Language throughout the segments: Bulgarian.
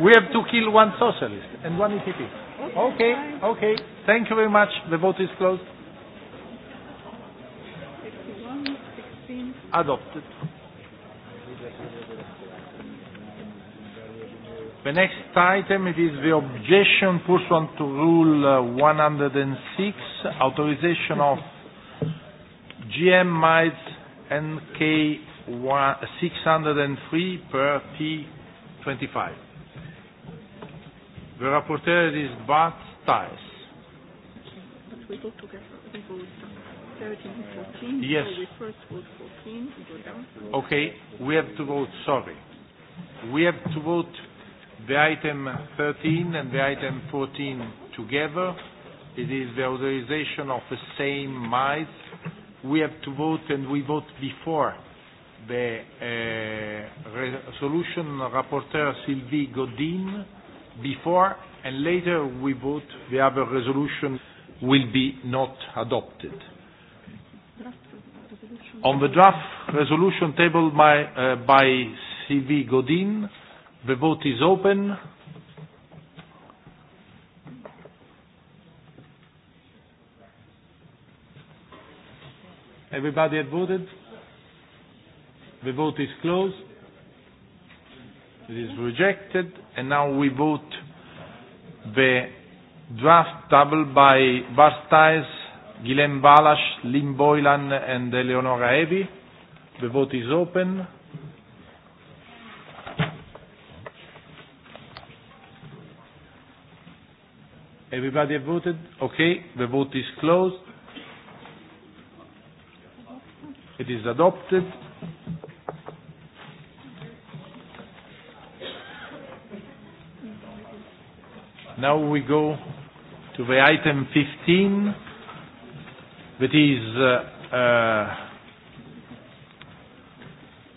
We have to kill one socialist and one EPP. Okay, okay. Thank you very much. The vote is closed. Adopted. The next item it is the objection pursuant to Rule 106, authorization of GM mites NK 603 per T25. The rapporteur is Bart Thijs. But we vote together. We vote 13 and Yes. So we first vote 14. We go down. Okay. We have to vote. Sorry. We have to vote the item 13 and the item 14 together. It is the authorization of the same might. We have to vote, and we vote before the uh, resolution rapporteur Sylvie Godin before and later we vote, the other resolution will be not adopted. On the draft resolution tabled by, uh, by CV Godin, the vote is open. Everybody had voted? The vote is closed. It is rejected. And now we vote the draft double by Barstais, Guilhem Balas, Lynn Boylan, and Eleonora Evi. The vote is open. Everybody voted? Okay, the vote is closed. It is adopted. Now we go to the item 15, that is uh, uh,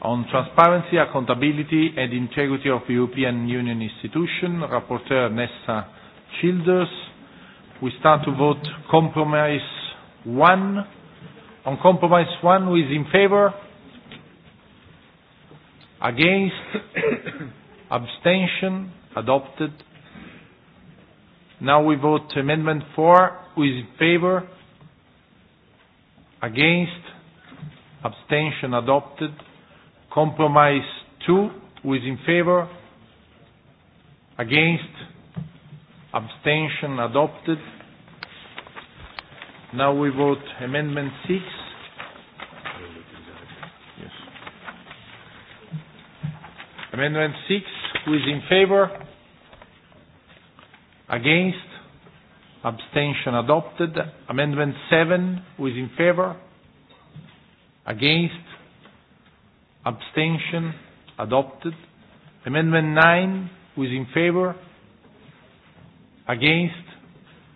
on transparency, accountability and integrity of European Union institution, rapporteur Nessa Childers. We start to vote compromise one. On compromise one, who is in favor? Against? Abstention? Adopted? Now we vote amendment four. Who is in favor? Against? Abstention adopted. Compromise two. Who is in favor? Against? Abstention adopted. Now we vote amendment six. Yes. Amendment six. Who is in favor? Against? Abstention adopted. Amendment 7, who is in favor? Against? Abstention adopted. Amendment 9, who is in favor? Against?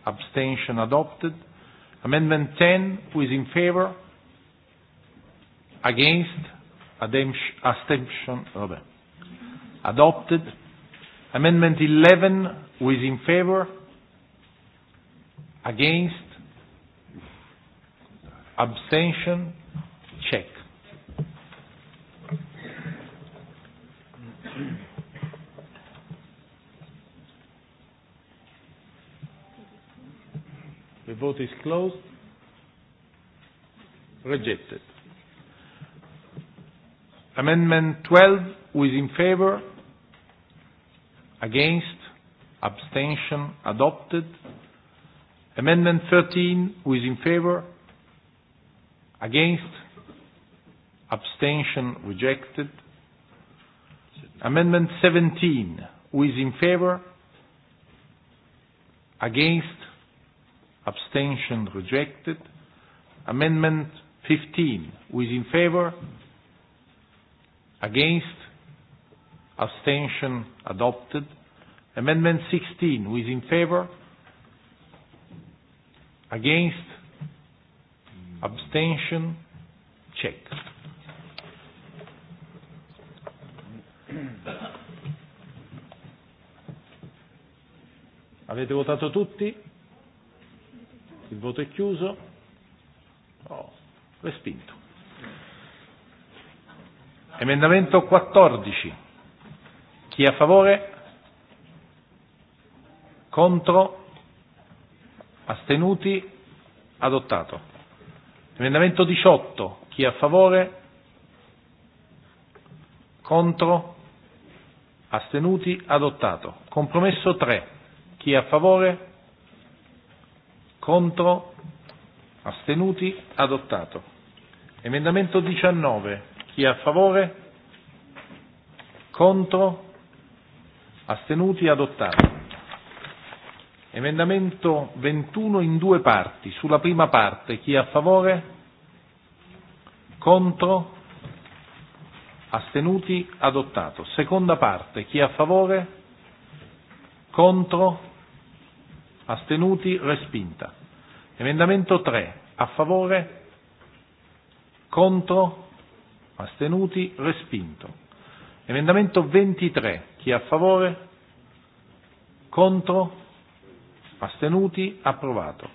Abstention adopted. Amendment 10, who is in favor? Against? Abstention adopted. Amendment 11, who is in favor? Against? Abstention? Check. The vote is closed. Rejected. Amendment 12, who is in favor? Against? Abstention? Adopted. Amendment 13, who is in favor? Against? Abstention? Rejected. Amendment 17, who is in favor? Against? Abstention? Rejected. Amendment 15, who is in favor? Against? abstention adopted. Amendment 16, who is in favor? Against? Abstention? Check. Avete votato tutti? Il voto è chiuso? Oh, respinto. Emendamento 14. Chi è a favore? Contro? Astenuti? Adottato. Emendamento 18. Chi è a favore? Contro? Astenuti? Adottato. Compromesso 3. Chi è a favore? Contro? Astenuti? Adottato. Emendamento 19. Chi è a favore? Contro? astenuti, adottato. Emendamento 21 in due parti. Sulla prima parte chi è a favore? Contro? Astenuti? Adottato. Seconda parte chi è a favore? Contro? Astenuti? Respinta. Emendamento 3 a favore? Contro? Astenuti? Respinto. Emendamento 23 Chi è a favore? Contro? Astenuti? Approvato.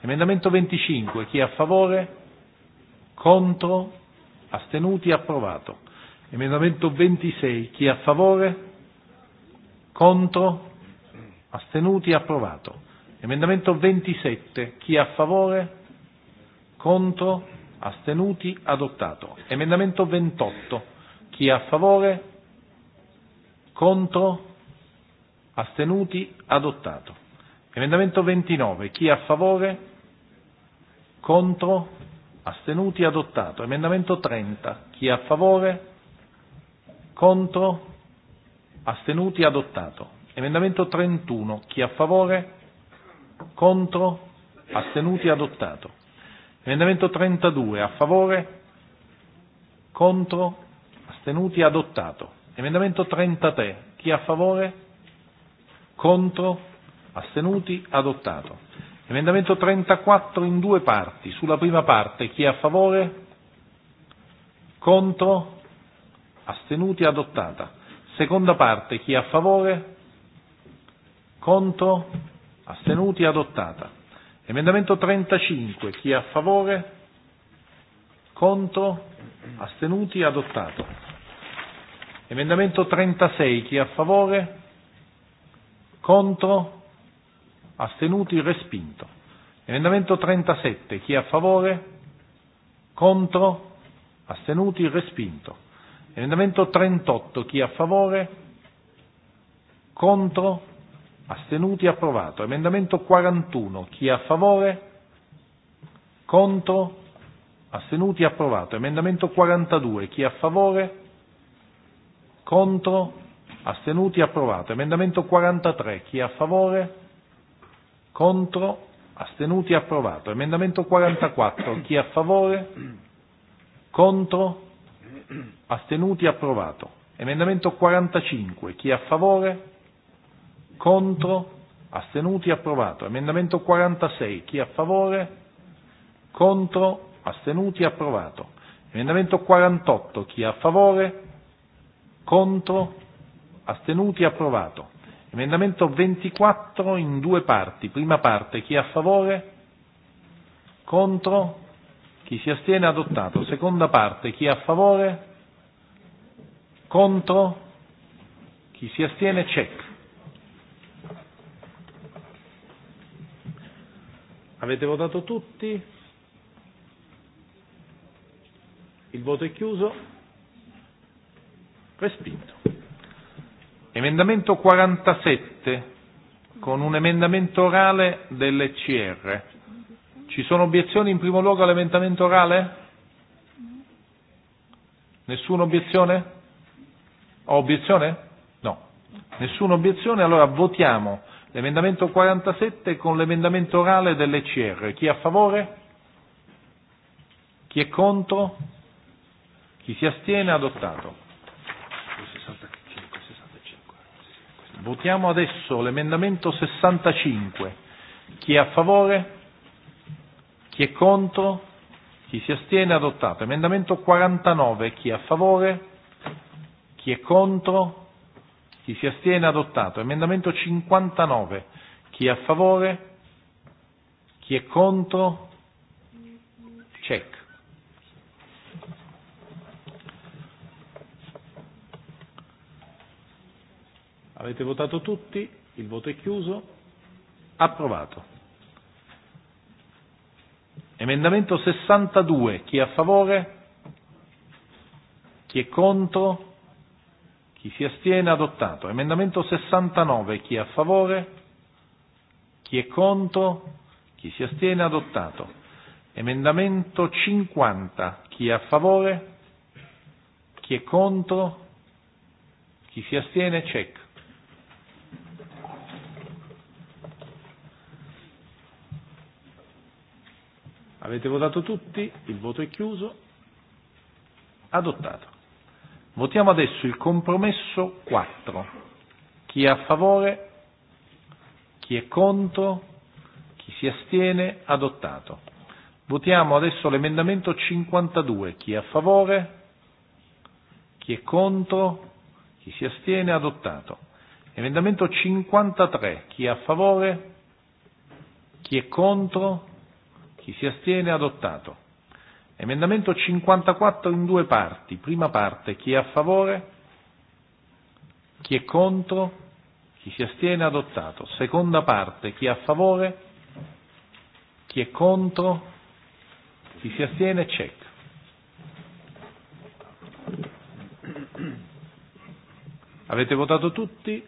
Emendamento 25. Chi è a favore? Contro? Astenuti? Approvato. Emendamento 26. Chi è a favore? Contro? Astenuti? Approvato. Emendamento 27. Chi è a favore? Contro? Astenuti? Adottato. Emendamento 28. Chi è a favore? Contro? Astenuti? Adottato. Emendamento 29. Chi è a favore? Contro? Astenuti? Adottato. Emendamento 30. Chi è a favore? Contro? Astenuti? Adottato. Emendamento 31. Chi è a favore? Contro? Astenuti? Adottato. Emendamento 32. A favore? Contro? Astenuti? Adottato. Emendamento 33. Chi è a favore? Contro? Astenuti? Adottato. Emendamento 34 in due parti. Sulla prima parte chi è a favore? Contro? Astenuti? Adottata. Seconda parte chi è a favore? Contro? Astenuti? Adottata. Emendamento 35 chi è a favore? Contro? Astenuti? Adottato. Emendamento 36, chi è a favore? Contro? Astenuti? Respinto. Emendamento 37, chi è a favore? Contro? Astenuti? Respinto. Emendamento 38, chi è a favore? Contro? Astenuti? Approvato. Emendamento 41, chi è a favore? Contro? Astenuti? Approvato. Emendamento 42, chi è a favore? Contro? Astenuti? Approvato. Emendamento 43. Chi è a favore? Contro? Astenuti? Approvato. Emendamento 44. Chi è a favore? Contro? Astenuti? Approvato. Emendamento 45. Chi è a favore? Contro? Astenuti? Approvato. Emendamento 46. Chi è a favore? Contro? Astenuti? Approvato. Emendamento 48. Chi è a favore? Contro? Astenuti? Approvato. Emendamento 24 in due parti. Prima parte, chi è a favore? Contro? Chi si astiene? Adottato. Seconda parte, chi è a favore? Contro? Chi si astiene? Check. Avete votato tutti? Il voto è chiuso. Respinto. Emendamento 47 con un emendamento orale dell'ECR. Ci sono obiezioni in primo luogo all'emendamento orale? Nessuna obiezione? Ho obiezione? No. Nessuna obiezione? Allora votiamo l'emendamento 47 con l'emendamento orale dell'ECR. Chi è a favore? Chi è contro? Chi si astiene? Adottato. Votiamo adesso l'emendamento 65. Chi è a favore? Chi è contro? Chi si astiene? Adottato. Emendamento 49. Chi è a favore? Chi è contro? Chi si astiene? Adottato. Emendamento 59. Chi è a favore? Chi è contro? Check. Avete votato tutti? Il voto è chiuso. Approvato. Emendamento 62. Chi è a favore? Chi è contro? Chi si astiene? Adottato. Emendamento 69. Chi è a favore? Chi è contro? Chi si astiene? Adottato. Emendamento 50. Chi è a favore? Chi è contro? Chi si astiene? Check. Avete votato tutti? Il voto è chiuso. Adottato. Votiamo adesso il compromesso 4. Chi è a favore? Chi è contro? Chi si astiene? Adottato. Votiamo adesso l'emendamento 52. Chi è a favore? Chi è contro? Chi si astiene? Adottato. Emendamento 53. Chi è a favore? Chi è contro? Chi si astiene? Adottato. Emendamento 54 in due parti. Prima parte, chi è a favore? Chi è contro? Chi si astiene? Adottato. Seconda parte, chi è a favore? Chi è contro? Chi si astiene? Check. Avete votato tutti?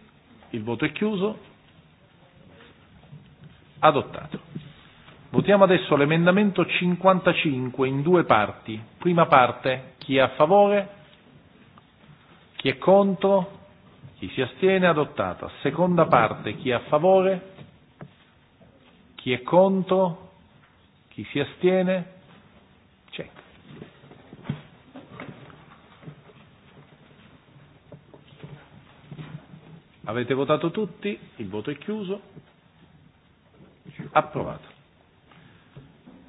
Il voto è chiuso. Adottato. Votiamo adesso l'emendamento 55 in due parti. Prima parte, chi è a favore, chi è contro, chi si astiene, adottata. Seconda parte, chi è a favore, chi è contro, chi si astiene, C'è. Avete votato tutti, il voto è chiuso, approvato.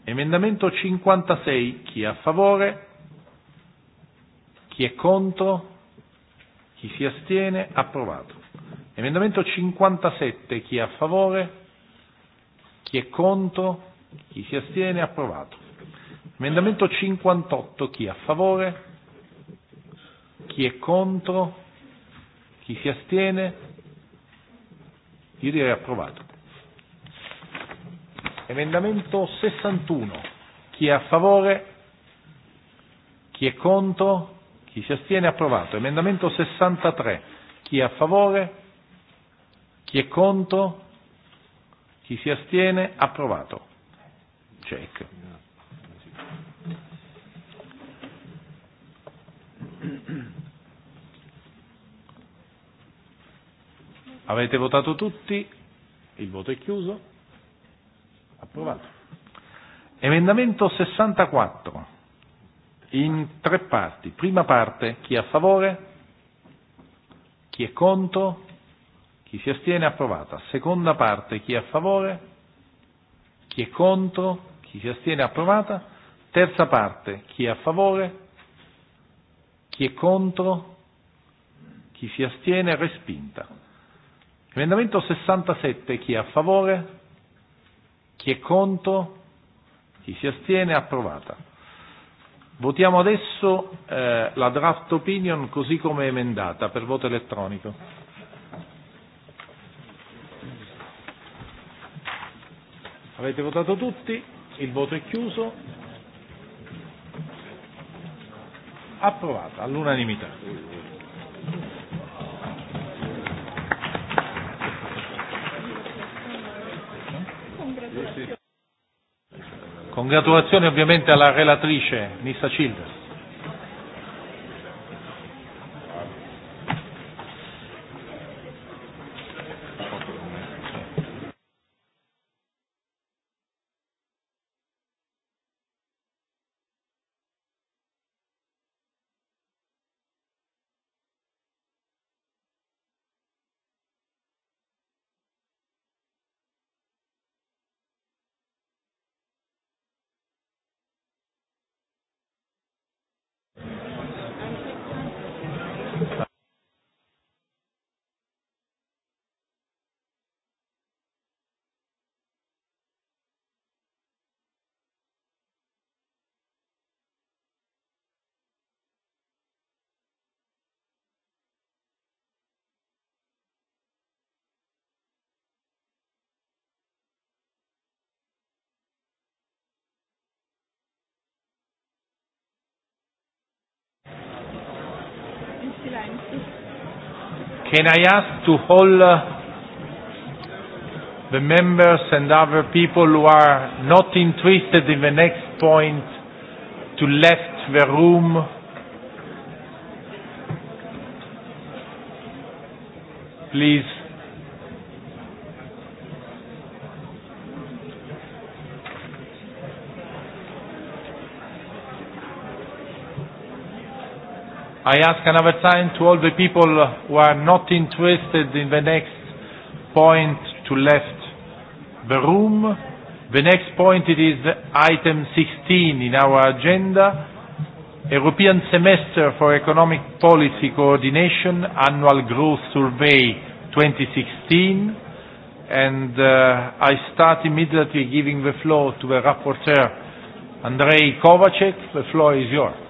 Emendamento 56, chi è a favore? Chi è contro? Chi si astiene? Approvato. Emendamento 57, chi è a favore? Chi è contro? Chi si astiene? Approvato. Emendamento 58, chi è a favore? Chi è contro? Chi si astiene? Io direi approvato. Emendamento 61. Chi è a favore? Chi è contro? Chi si astiene? Approvato. Emendamento 63. Chi è a favore? Chi è contro? Chi si astiene? Approvato. Check. Avete votato tutti? Il voto è chiuso. Approvato. Emendamento 64, in tre parti. Prima parte, chi è a favore? Chi è contro? Chi si astiene? Approvata. Seconda parte, chi è a favore? Chi è contro? Chi si astiene? Approvata. Terza parte, chi è a favore? Chi è contro? Chi si astiene? Respinta. Emendamento 67, chi è a favore? Chi è contro? Chi si astiene? Approvata. Votiamo adesso eh, la draft opinion così come emendata per voto elettronico. Avete votato tutti? Il voto è chiuso. Approvata all'unanimità. Congratulazioni ovviamente alla relatrice Nissa Childers. Can I ask to all uh, the members and other people who are not interested in the next point to left the room? Please. I ask another time to all the people who are not interested in the next point to left the room. The next point it is item 16 in our agenda. European Semester for Economic Policy Coordination Annual Growth Survey 2016 and uh, I start immediately giving the floor to the rapporteur Andrei Kovacek. The floor is yours.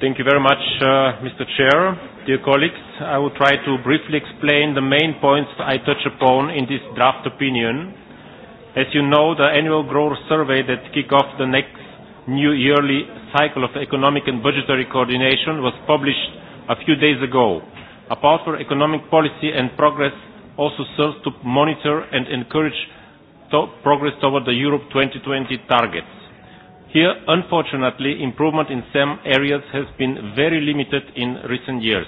Thank you very much, uh, Mr. Chair. Dear colleagues, I will try to briefly explain the main points I touch upon in this draft opinion. As you know, the annual growth survey that kicks off the next new yearly cycle of economic and budgetary coordination was published a few days ago. Apart from economic policy and progress also serves to monitor and encourage to progress toward the Europe 2020 targets. Here, unfortunately, improvement in some areas has been very limited in recent years.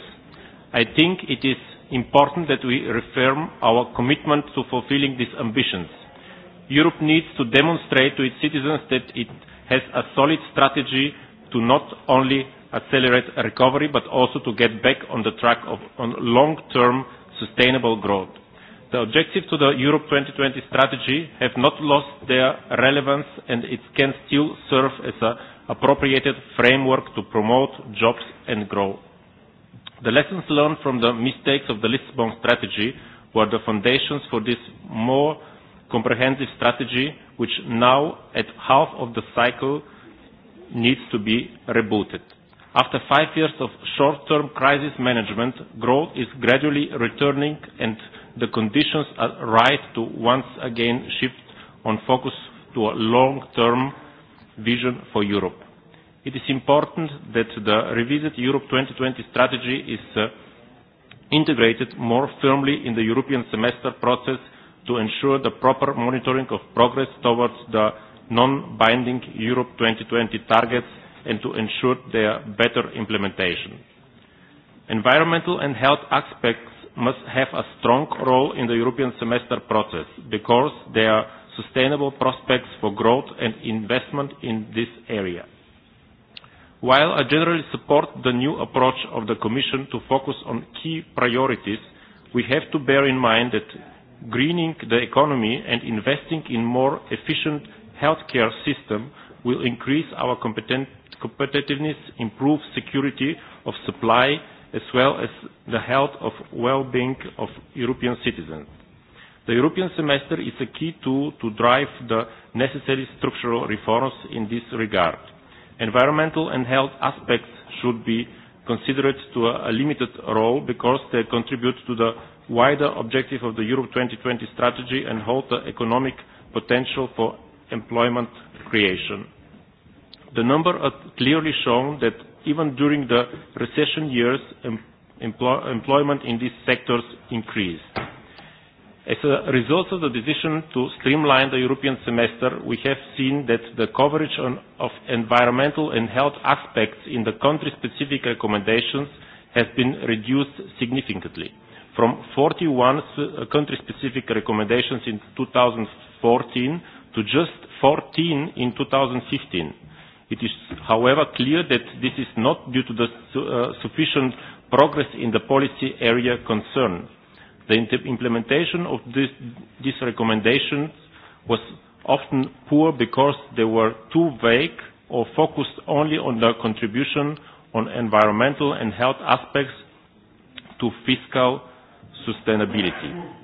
I think it is important that we reaffirm our commitment to fulfilling these ambitions. Europe needs to demonstrate to its citizens that it has a solid strategy to not only accelerate recovery but also to get back on the track of long-term sustainable growth. The objectives to the Europe 2020 strategy have not lost their relevance and it can still serve as an appropriated framework to promote jobs and growth. The lessons learned from the mistakes of the Lisbon strategy were the foundations for this more comprehensive strategy, which now at half of the cycle needs to be rebooted. After five years of short-term crisis management, growth is gradually returning and the conditions are right to once again shift on focus to a long-term vision for Europe. It is important that the revised Europe 2020 strategy is uh, integrated more firmly in the European semester process to ensure the proper monitoring of progress towards the non-binding Europe 2020 targets and to ensure their better implementation. Environmental and health aspects must have a strong role in the European semester process because there are sustainable prospects for growth and investment in this area. While I generally support the new approach of the Commission to focus on key priorities, we have to bear in mind that greening the economy and investing in more efficient healthcare system will increase our competitiveness, improve security of supply as well as the health of well-being of European citizens. The European semester is a key tool to drive the necessary structural reforms in this regard. Environmental and health aspects should be considered to a limited role because they contribute to the wider objective of the Europe 2020 strategy and hold the economic potential for employment creation. The number are clearly shown that even during the recession years, employment in these sectors increased. As a result of the decision to streamline the European semester, we have seen that the coverage on, of environmental and health aspects in the country-specific recommendations has been reduced significantly, from 41 country-specific recommendations in 2014 to just 14 in 2015 It is, however, clear that this is not due to the su uh, sufficient progress in the policy area concerned. The implementation of this, these recommendations was often poor because they were too vague or focused only on their contribution on environmental and health aspects to fiscal sustainability.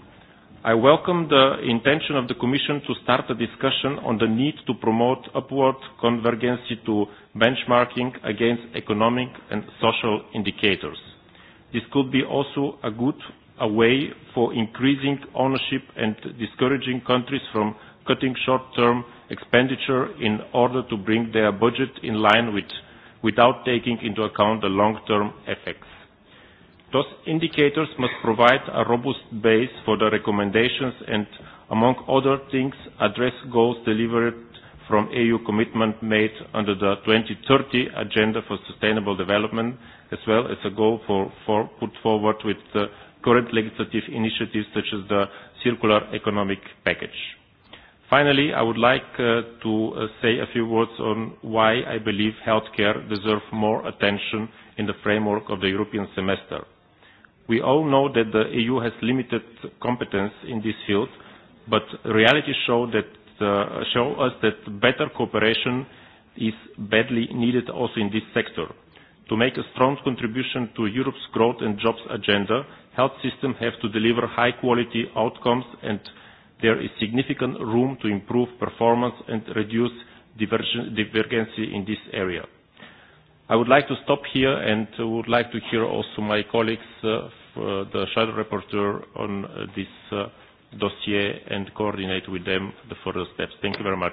I welcome the intention of the Commission to start a discussion on the need to promote upward convergence to benchmarking against economic and social indicators. This could be also a good a way for increasing ownership and discouraging countries from cutting short-term expenditure in order to bring their budget in line with, without taking into account the long-term effects. Those indicators must provide a robust base for the recommendations and, among other things, address goals delivered from EU commitment made under the 2030 Agenda for Sustainable Development, as well as a goal for, for put forward with the current legislative initiatives such as the Circular Economic Package. Finally, I would like uh, to uh, say a few words on why I believe healthcare deserves more attention in the framework of the European semester We all know that the EU has limited competence in this field, but reality show, that, uh, show us that better cooperation is badly needed also in this sector. To make a strong contribution to Europe's growth and jobs agenda, health systems have to deliver high-quality outcomes and there is significant room to improve performance and reduce divergency in this area. I would like to stop here and would like to hear also my colleagues, uh, the shadow rapporteur on this uh, dossier and coordinate with them the further steps. Thank you very much.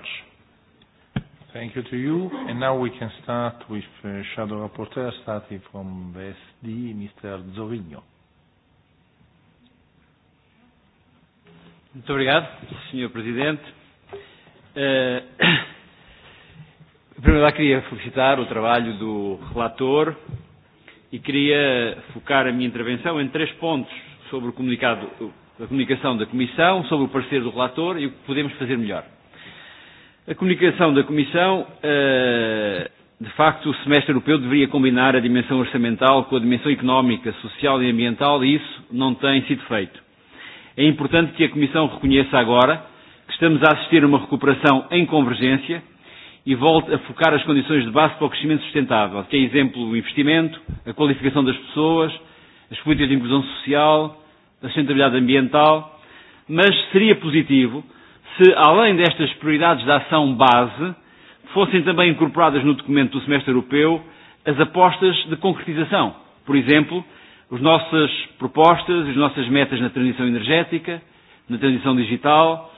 Thank you to you. And now we can start with uh, shadow rapporteur starting from the SD, Mr. Zovigno. Muito obrigado, Sr. Presidente. Em primeiro lugar, queria felicitar o trabalho do relator e queria focar a minha intervenção em três pontos sobre o comunicado, a comunicação da Comissão, sobre o parecer do relator e o que podemos fazer melhor. A comunicação da Comissão, de facto, o semestre europeu deveria combinar a dimensão orçamental com a dimensão económica, social e ambiental e isso não tem sido feito. É importante que a Comissão reconheça agora que estamos a assistir a uma recuperação em convergência e volte a focar as condições de base para o crescimento sustentável, que é exemplo o investimento, a qualificação das pessoas, as políticas de inclusão social, a sustentabilidade ambiental, mas seria positivo se, além destas prioridades de ação base, fossem também incorporadas no documento do semestre europeu as apostas de concretização. Por exemplo, as nossas propostas, as nossas metas na transição energética, na transição digital,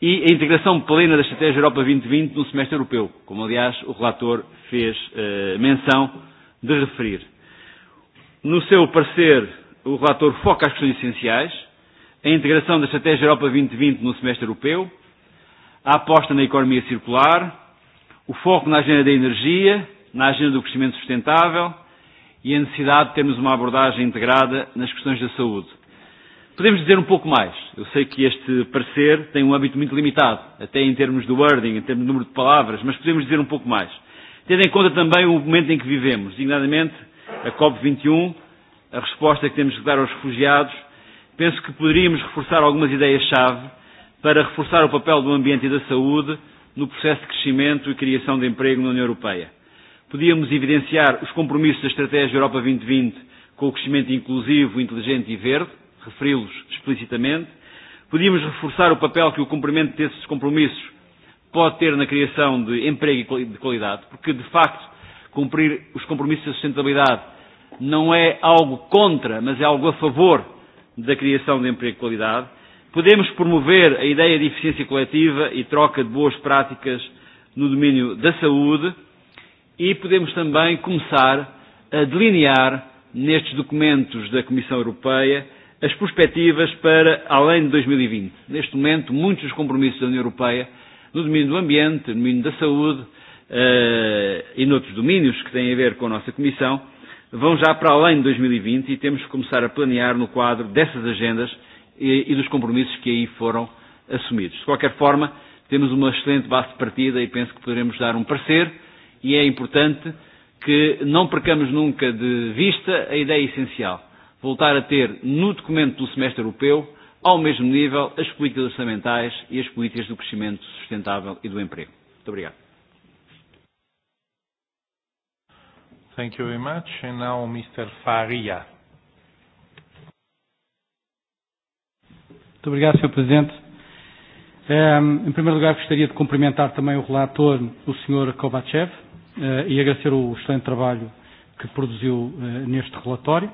e a integração plena da Estratégia Europa 2020 no semestre europeu, como aliás o relator fez eh, menção de referir. No seu parecer, o relator foca as questões essenciais, a integração da Estratégia Europa 2020 no semestre europeu, a aposta na economia circular, o foco na agenda da energia, na agenda do crescimento sustentável e a necessidade de termos uma abordagem integrada nas questões da saúde Podemos dizer um pouco mais. Eu sei que este parecer tem um âmbito muito limitado, até em termos do wording, em termos de número de palavras, mas podemos dizer um pouco mais. Tendo em conta também o momento em que vivemos, dignadamente a COP21, a resposta que temos que dar aos refugiados, penso que poderíamos reforçar algumas ideias-chave para reforçar o papel do ambiente e da saúde no processo de crescimento e criação de emprego na União Europeia. Podíamos evidenciar os compromissos da Estratégia Europa 2020 com o crescimento inclusivo, inteligente e verde, referi-los explicitamente. Podíamos reforçar o papel que o cumprimento desses compromissos pode ter na criação de emprego e de qualidade, porque, de facto, cumprir os compromissos da sustentabilidade não é algo contra, mas é algo a favor da criação de emprego e qualidade. Podemos promover a ideia de eficiência coletiva e troca de boas práticas no domínio da saúde e podemos também começar a delinear nestes documentos da Comissão Europeia as perspectivas para além de 2020. Neste momento, muitos dos compromissos da União Europeia no domínio do ambiente, no domínio da saúde e noutros domínios que têm a ver com a nossa Comissão, vão já para além de 2020 e temos que começar a planear no quadro dessas agendas e, e dos compromissos que aí foram assumidos. De qualquer forma, temos uma excelente base de partida e penso que poderemos dar um parecer e é importante que não percamos nunca de vista a ideia essencial voltar a ter no documento do semestre europeu, ao mesmo nível, as políticas orçamentais e as políticas do crescimento sustentável e do emprego. Muito obrigado. Thank you very much. And now Mr. Faria. Muito obrigado, Sr. Presidente. Um, em primeiro lugar, gostaria de cumprimentar também o relator, o Sr. Kovachev, uh, e agradecer o excelente trabalho que produziu uh, neste relatório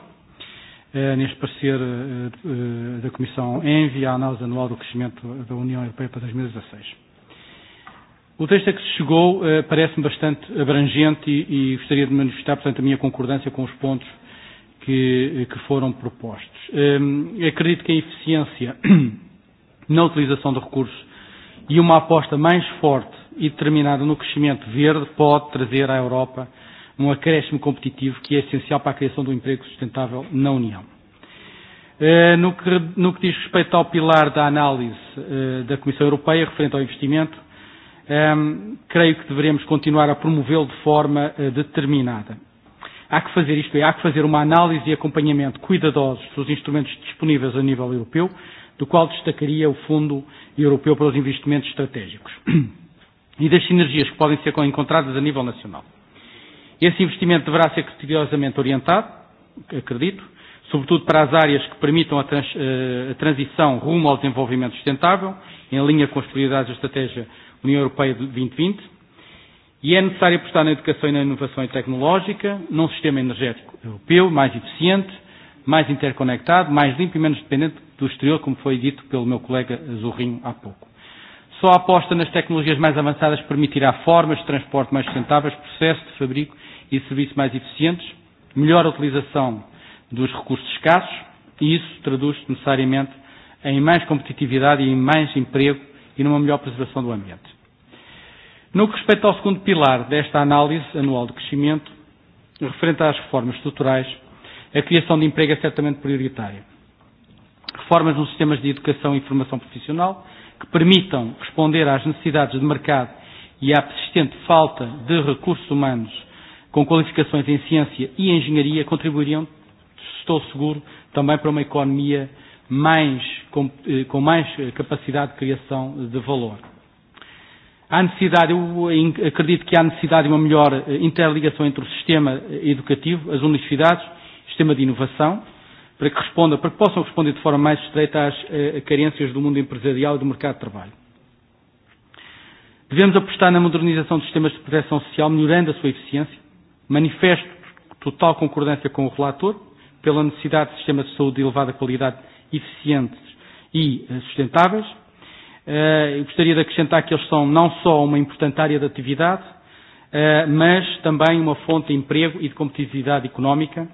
neste parecer da Comissão ENVI à análise anual do crescimento da União Europeia para 2016. O texto a que se chegou parece-me bastante abrangente e, e gostaria de manifestar, portanto, a minha concordância com os pontos que, que foram propostos. acredito que a eficiência na utilização de recursos e uma aposta mais forte e determinada no crescimento verde pode trazer à Europa um acréscimo competitivo que é essencial para a criação de um emprego sustentável na União. No que, no que diz respeito ao pilar da análise da Comissão Europeia referente ao investimento, creio que deveremos continuar a promovê-lo de forma determinada. Há que fazer isto, é, há que fazer uma análise e acompanhamento cuidadosos dos instrumentos disponíveis a nível europeu, do qual destacaria o Fundo Europeu para os Investimentos Estratégicos e das sinergias que podem ser encontradas a nível nacional. Esse investimento deverá ser criteriosamente orientado, acredito, sobretudo para as áreas que permitam a, trans, a transição rumo ao desenvolvimento sustentável, em linha com as prioridades da Estratégia União Europeia 2020. E é necessário apostar na educação e na inovação tecnológica, num sistema energético europeu mais eficiente, mais interconectado, mais limpo e menos dependente do exterior, como foi dito pelo meu colega Zorrinho há pouco. Só a aposta nas tecnologias mais avançadas permitirá formas de transporte mais sustentáveis, processo de fabrico e serviços mais eficientes, melhor utilização dos recursos escassos e isso traduz necessariamente em mais competitividade e em mais emprego e numa melhor preservação do ambiente. No que respeita ao segundo pilar desta análise anual de crescimento, referente às reformas estruturais, a criação de emprego é certamente prioritária. Reformas nos sistemas de educação e formação profissional que permitam responder às necessidades de mercado e à persistente falta de recursos humanos com qualificações em ciência e engenharia contribuiriam, estou seguro, também para uma economia mais, com, com mais capacidade de criação de valor. Há necessidade, eu acredito que há necessidade de uma melhor interligação entre o sistema educativo, as universidades, o sistema de inovação, para que, responda, para que possam responder de forma mais estreita às carências do mundo empresarial e do mercado de trabalho. Devemos apostar na modernização dos sistemas de proteção social, melhorando a sua eficiência, Manifesto total concordância com o relator pela necessidade de sistemas de saúde de elevada qualidade, eficientes e sustentáveis. Eu gostaria de acrescentar que eles são não só uma importante área de atividade, mas também uma fonte de emprego e de competitividade económica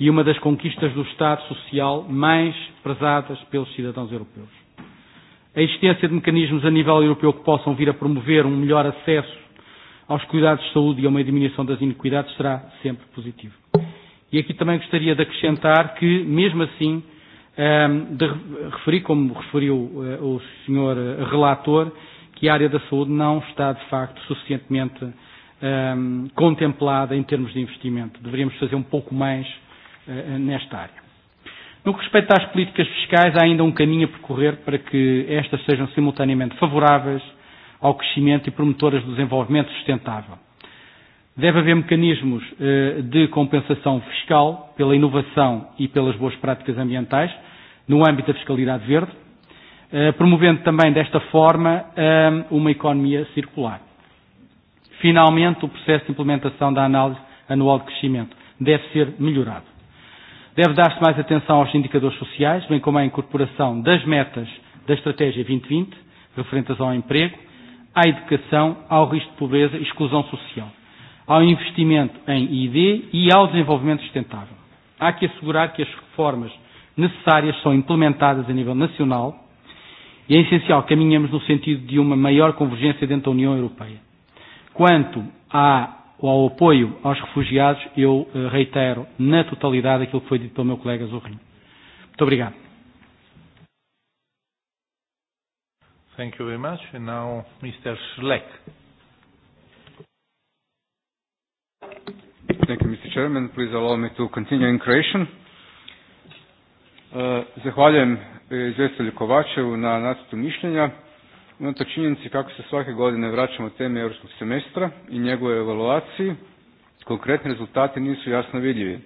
e uma das conquistas do Estado social mais prezadas pelos cidadãos europeus. A existência de mecanismos a nível europeu que possam vir a promover um melhor acesso aos cuidados de saúde e a uma diminuição das inequidades será sempre positivo. E aqui também gostaria de acrescentar que, mesmo assim, de referir, como referiu o senhor relator, que a área da saúde não está, de facto, suficientemente contemplada em termos de investimento. Deveríamos fazer um pouco mais nesta área. No que respeita às políticas fiscais, há ainda um caminho a percorrer para que estas sejam simultaneamente favoráveis ao crescimento e promotoras do desenvolvimento sustentável. Deve haver mecanismos de compensação fiscal pela inovação e pelas boas práticas ambientais no âmbito da fiscalidade verde, promovendo também desta forma uma economia circular. Finalmente, o processo de implementação da análise anual de crescimento deve ser melhorado. Deve dar-se mais atenção aos indicadores sociais, bem como à incorporação das metas da Estratégia 2020, referentes ao emprego, à educação, ao risco de pobreza e exclusão social, ao investimento em ID e ao desenvolvimento sustentável. Há que assegurar que as reformas necessárias são implementadas a nível nacional e é essencial que caminhemos no sentido de uma maior convergência dentro da União Europeia. Quanto à, ao apoio aos refugiados, eu reitero na totalidade aquilo que foi dito pelo meu colega Zorrinho. Muito obrigado. Thank you very much. And now Mr. Schleck. Thank you, Mr. Chairman. Please allow me to continue in Croatian. Zahvaljujem izvjestitelju Kovačevu na nacrtu mišljenja. Unatoč činjenici kako se svake godine vraćamo teme europskog semestra i njegove evaluaciji, konkretni rezultati nisu jasno vidljivi.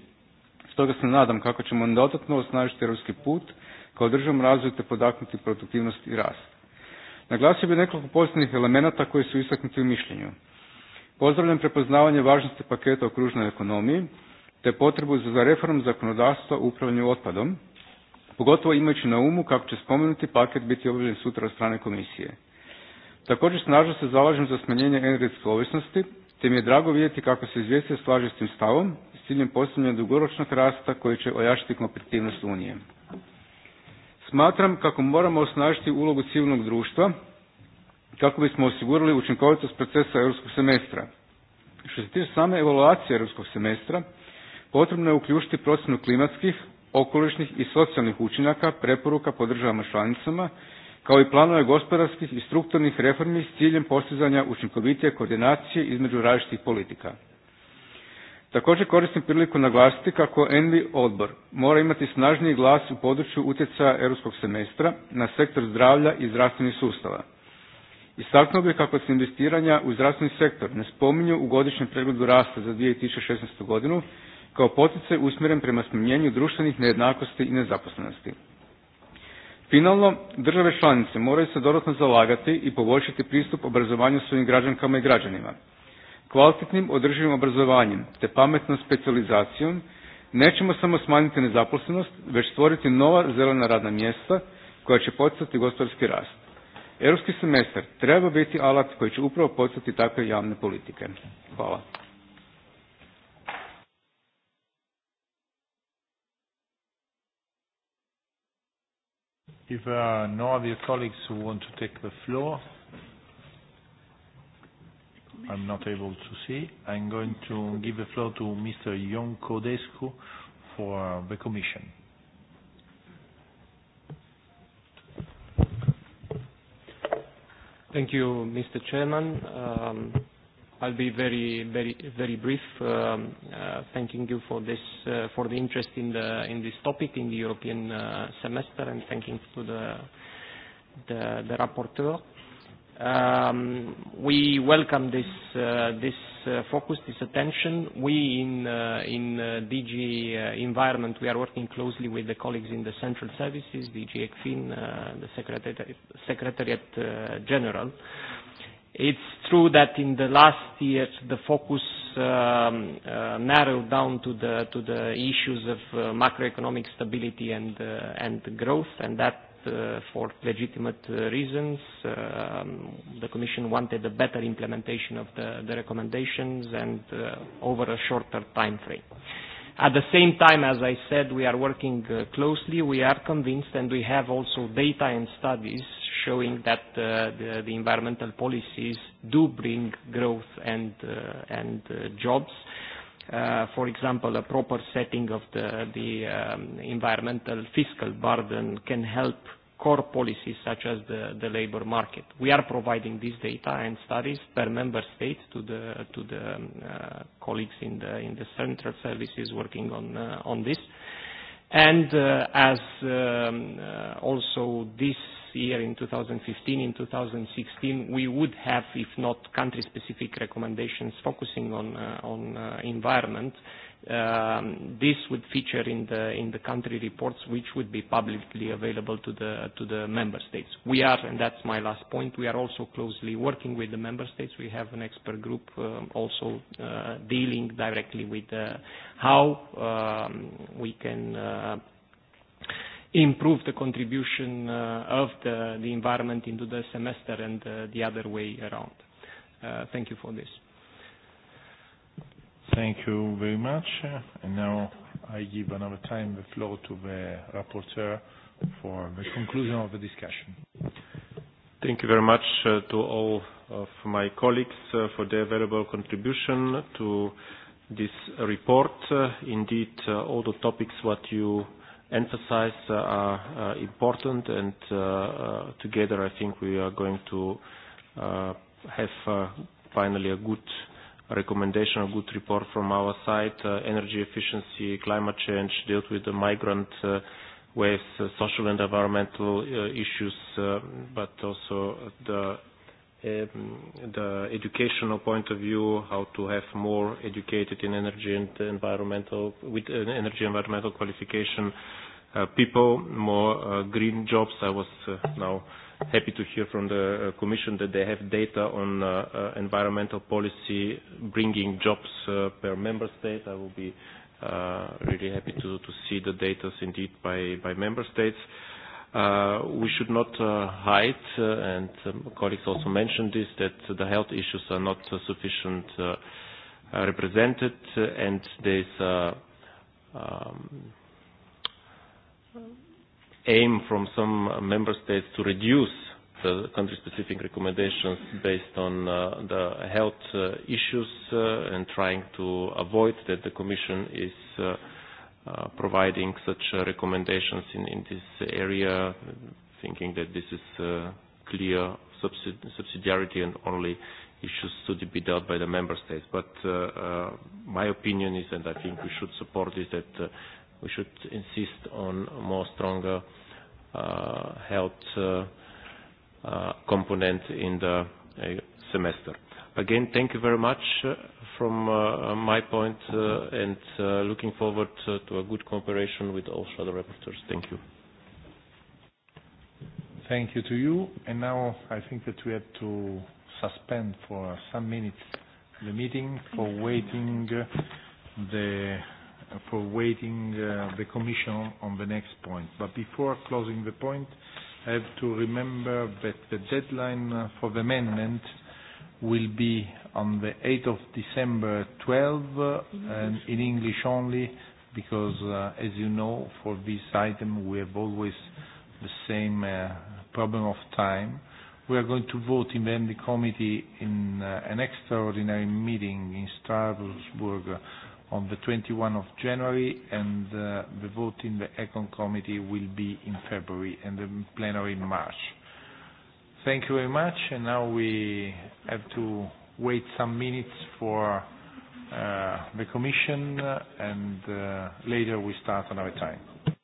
Stoga se nadam kako ćemo dodatno osnažiti europski put kao državom razvoju te podaknuti produktivnost i rast. Naglasio bih nekoliko pozitivnih elemenata koji su istaknuti u mišljenju. Pozdravljam prepoznavanje važnosti paketa o kružnoj ekonomiji, te potrebu za reformom zakonodavstva u upravljanju otpadom, pogotovo imajući na umu kako će spomenuti paket biti obavljen sutra od strane komisije. Također snažno se zalažem za smanjenje energetske ovisnosti, te mi je drago vidjeti kako se izvjestitelj slaže s tim stavom s ciljem postavljanja dugoročnog rasta koji će ojačiti kompetitivnost Unije. Smatram kako moramo osnažiti ulogu civilnog društva kako bismo osigurali učinkovitost procesa europskog semestra. Što se tiče same evaluacije europskog semestra, potrebno je uključiti procjenu klimatskih, okolišnih i socijalnih učinaka preporuka po državama članicama, kao i planove gospodarskih i strukturnih reformi s ciljem postizanja učinkovitije koordinacije između različitih politika. Također koristim priliku naglasiti kako Envi odbor mora imati snažniji glas u području utjecaja europskog semestra na sektor zdravlja i zdravstvenih sustava. Istaknuo bih kako se investiranja u zdravstveni sektor ne spominju u godišnjem pregledu rasta za 2016. godinu kao poticaj usmjeren prema smanjenju društvenih nejednakosti i nezaposlenosti. Finalno, države članice moraju se dodatno zalagati i poboljšati pristup obrazovanju svojim građankama i građanima – kvalitetnim održivim obrazovanjem te pametnom specijalizacijom nećemo samo smanjiti nezaposlenost, već stvoriti nova zelena radna mjesta koja će poticati gospodarski rast. Europski semestar treba biti alat koji će upravo poticati takve javne politike. Hvala. If uh, no other colleagues who want to take the floor, I'm not able to see. I'm going to give the floor to Mr. Ion Codescu for the Commission. Thank you, Mr. Chairman. Um, I'll be very, very, very brief. Um, uh, thanking you for this, uh, for the interest in the in this topic in the European uh, semester, and thanking to the the, the rapporteur. Um, we welcome this uh, this uh, focus, this attention. We in uh, in uh, DG uh, Environment, we are working closely with the colleagues in the Central Services, DG ECFIN, uh, the Secretariat, Secretariat uh, General. It's true that in the last year the focus um, uh, narrowed down to the to the issues of uh, macroeconomic stability and uh, and growth, and that uh, for legitimate uh, reasons. Um, the Commission wanted a better implementation of the, the recommendations and uh, over a shorter time frame. At the same time, as I said, we are working uh, closely. We are convinced and we have also data and studies showing that uh, the, the environmental policies do bring growth and, uh, and uh, jobs uh, for example, a proper setting of the, the um, environmental fiscal burden can help core policies such as the, the labor market. We are providing this data and studies per member state to the, to the uh, colleagues in the, in the central services working on, uh, on this. And uh, as um, uh, also this year in 2015, in 2016, we would have, if not country-specific recommendations focusing on, uh, on uh, environment, uh, Um, this would feature in the in the country reports, which would be publicly available to the to the member states. We are, and that's my last point. We are also closely working with the member states. We have an expert group um, also uh, dealing directly with uh, how um, we can. Uh, improve the contribution uh, of the, the environment into the semester and uh, the other way around. Uh, thank you for this. Thank you very much. And Now I give another time the floor to the rapporteur for the conclusion of the discussion. Thank you very much uh, to all of my colleagues uh, for their valuable contribution to this report. Uh, indeed, uh, all the topics what you emphasize uh, are uh, important and uh, uh, together I think we are going to uh, have uh, finally a good recommendation, a good report from our side, uh, energy efficiency, climate change, dealt with the migrant uh, waves, uh, social and environmental uh, issues, uh, but also the the educational point of view, how to have more educated in energy and environmental, with uh energy environmental qualification uh, people, more uh, green jobs. I was uh, now happy to hear from the Commission that they have data on uh, environmental policy bringing jobs uh, per member state. I will be uh, really happy to, to see the data indeed by, by member states. Uh, we should not uh, hide, uh, and um, colleagues also mentioned this, that the health issues are not uh, sufficient uh, represented, and there's uh, um, aim from some member states to reduce the country-specific recommendations based on uh, the health uh, issues uh, and trying to avoid that the Commission is uh, uh, providing such uh, recommendations in, in this area, thinking that this is uh, clear subsidi subsidiarity and only issues should be dealt by the member states. But uh, uh, my opinion is, and I think we should support is that uh, we should insist on more stronger uh, health uh, uh, component in the uh, semester. Again, thank you very much uh from uh, my point uh, and uh, looking forward uh, to a good cooperation with all shadow rapporteurs. Thank you. Thank you to you. And now I think that we have to suspend for some minutes the meeting for waiting the for waiting uh the commission on the next point. But Before closing the point, I have to remember that the deadline for the amendment will be on the 8th of December 12, and in English only, because, uh as you know, for this item, we have always the same uh problem of time. We are going to vote in the MD committee in uh an extraordinary meeting in Strasbourg on the 21 of January, and uh, the vote in the Econ Committee will be in February and the plenary in March. Thank you very much, and now we have to wait some minutes for uh, the Commission, and uh, later we start another time.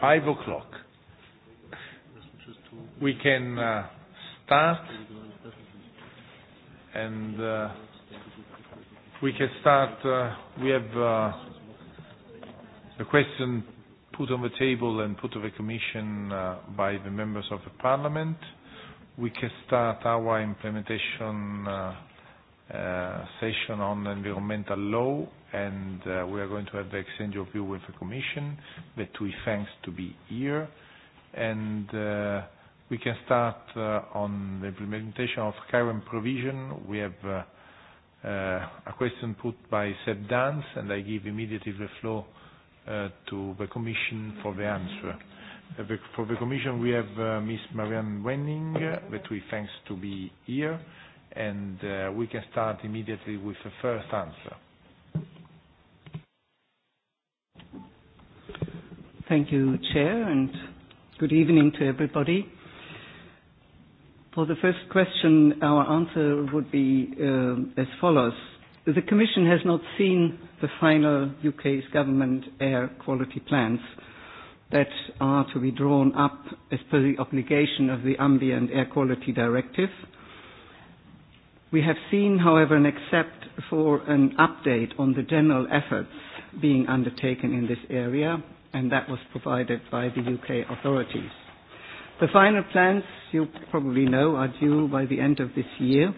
five o'clock. We can uh, start and uh, we can start. Uh, we have uh, a question put on the table and put to the Commission uh, by the members of the Parliament. We can start our implementation uh, uh, session on environmental law and uh, we are going to have the exchange of view with the Commission that we thanks to be here. And uh, we can start uh, on the implementation of current provision. We have uh, a question put by Seb Dance, and I give immediately the floor uh, to the Commission for the answer. For the Commission, we have uh, Ms. Marianne Wenning, that we thanks to be here, and uh, we can start immediately with the first answer. Thank you, Chair, and good evening to everybody. For the first question, our answer would be uh, as follows. The Commission has not seen the final UK's government air quality plans that are to be drawn up as per the obligation of the Ambient Air Quality Directive. We have seen, however, an accept for an update on the general efforts being undertaken in this area and that was provided by the UK authorities. The final plans, you probably know, are due by the end of this year,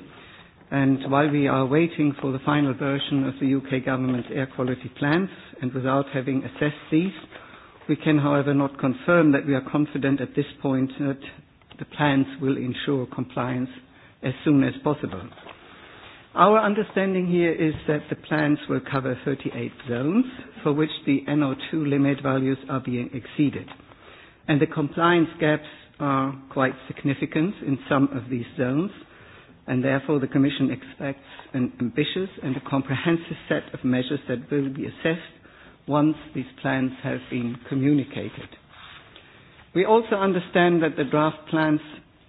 and while we are waiting for the final version of the UK government's air quality plans, and without having assessed these, we can, however, not confirm that we are confident at this point that the plans will ensure compliance as soon as possible. Our understanding here is that the plans will cover 38 zones for which the NO2 limit values are being exceeded. And the compliance gaps are quite significant in some of these zones, and therefore the Commission expects an ambitious and a comprehensive set of measures that will be assessed once these plans have been communicated. We also understand that the draft plans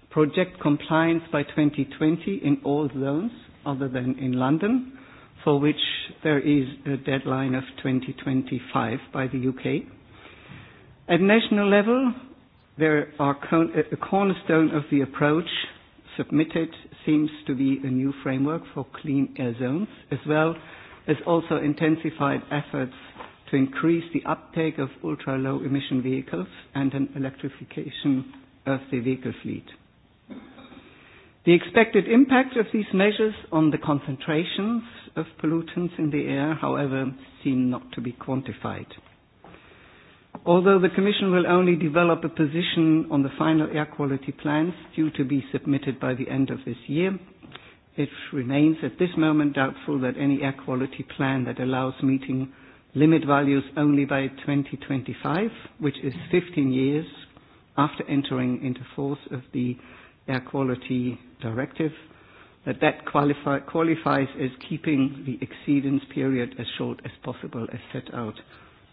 project compliance by 2020 in all zones, other than in London, for which there is a deadline of 2025 by the UK. At national level, there are con- a cornerstone of the approach submitted seems to be a new framework for clean air zones, as well as also intensified efforts to increase the uptake of ultra-low emission vehicles and an electrification of the vehicle fleet. The expected impact of these measures on the concentrations of pollutants in the air, however, seem not to be quantified. Although the Commission will only develop a position on the final air quality plans due to be submitted by the end of this year, it remains at this moment doubtful that any air quality plan that allows meeting limit values only by 2025, which is 15 years after entering into force of the air quality directive, that that qualify, qualifies as keeping the exceedance period as short as possible as set out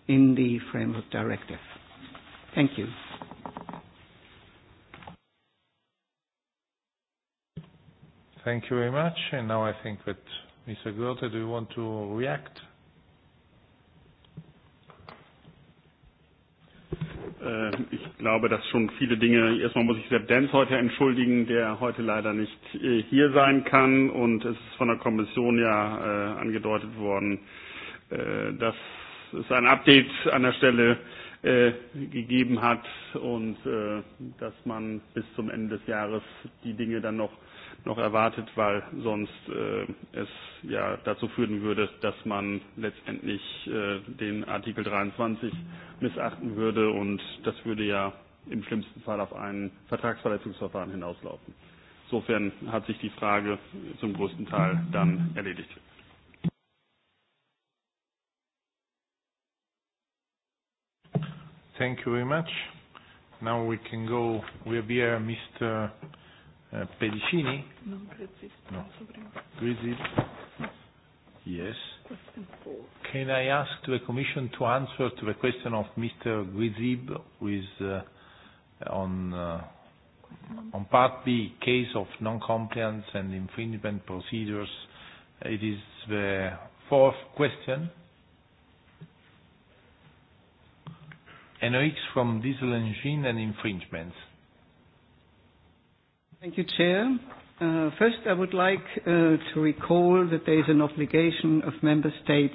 in the framework directive. Thank you. Thank you very much. And now I think that Mr. Goethe, do you want to react? ich glaube, dass schon viele Dinge, erstmal muss ich Sepp Dance heute entschuldigen, der heute leider nicht hier sein kann. Und es ist von der Kommission ja angedeutet worden, dass es ein Update an der Stelle gegeben hat und dass man bis zum Ende des Jahres die Dinge dann noch noch erwartet, weil sonst äh, es ja dazu führen würde, dass man letztendlich äh, den Artikel 23 missachten würde und das würde ja im schlimmsten Fall auf ein Vertragsverletzungsverfahren hinauslaufen. Insofern hat sich die Frage zum größten Teil dann erledigt. Thank you very much. Now we can go. We have here Mr. Pedicini. No, Grizzly. No. Grizzly. Yes. Question four. Can I ask the Commission to answer to the question of Mr. Grizib with on uh, on Part B, case of non-compliance and infringement procedures? It is the fourth question. NOx from diesel engine and infringements. Thank you, Chair. Uh, first, I would like uh, to recall that there is an obligation of member states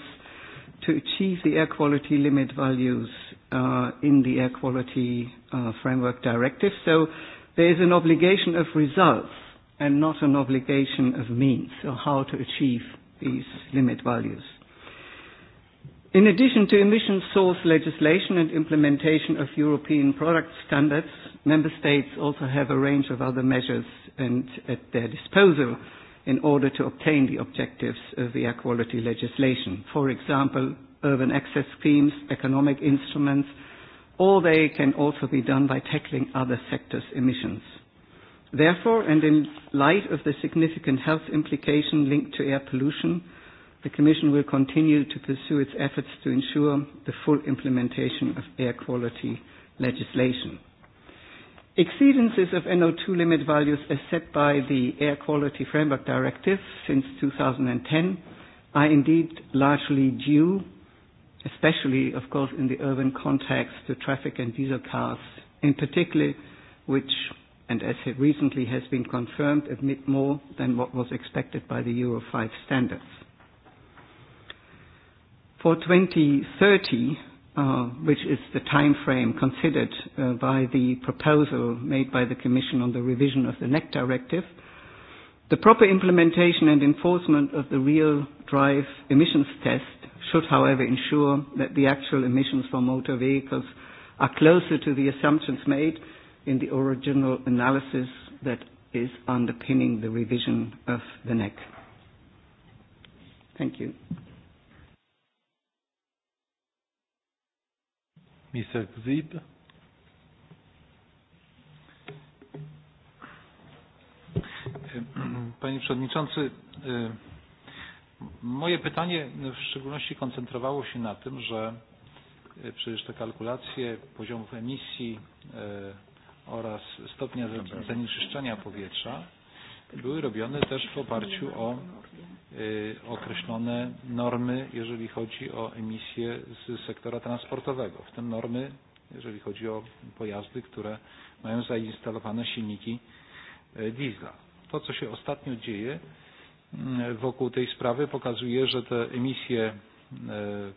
to achieve the air quality limit values uh, in the air quality uh, framework directive. So there is an obligation of results and not an obligation of means, or how to achieve these limit values. In addition to emission source legislation and implementation of European product standards, member states also have a range of other measures and at their disposal in order to obtain the objectives of the air quality legislation. For example, urban access schemes, economic instruments, or they can also be done by tackling other sectors' emissions. Therefore, and in light of the significant health implication linked to air pollution, the Commission will continue to pursue its efforts to ensure the full implementation of air quality legislation. Exceedances of NO2 limit values as set by the Air Quality Framework Directive since 2010 are indeed largely due, especially, of course, in the urban context to traffic and diesel cars, in particular, which, and as it recently has been confirmed, emit more than what was expected by the Euro 5 standards. For 2030, uh, which is the time frame considered uh, by the proposal made by the Commission on the revision of the NEC directive, the proper implementation and enforcement of the real drive emissions test should, however, ensure that the actual emissions for motor vehicles are closer to the assumptions made in the original analysis that is underpinning the revision of the NEC. Thank you. Mr. Grzyb. Panie Przewodniczący, moje pytanie w szczególności koncentrowało się na tym, że przecież te kalkulacje poziomów emisji oraz stopnia zanieczyszczenia powietrza były robione też w oparciu o określone normy, jeżeli chodzi o emisje z sektora transportowego, w tym normy, jeżeli chodzi o pojazdy, które mają zainstalowane silniki diesla. To, co się ostatnio dzieje wokół tej sprawy, pokazuje, że te emisje,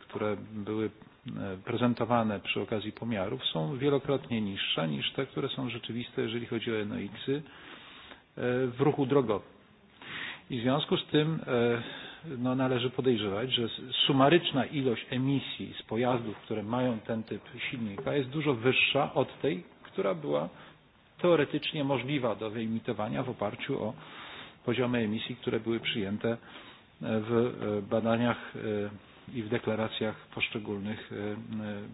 które były prezentowane przy okazji pomiarów, są wielokrotnie niższe niż te, które są rzeczywiste, jeżeli chodzi o NOx-y w ruchu drogowym. I w związku z tym no, należy podejrzewać, że sumaryczna ilość emisji z pojazdów, które mają ten typ silnika jest dużo wyższa od tej, która była teoretycznie możliwa do wyemitowania w oparciu o poziomy emisji, które były przyjęte w badaniach i w deklaracjach poszczególnych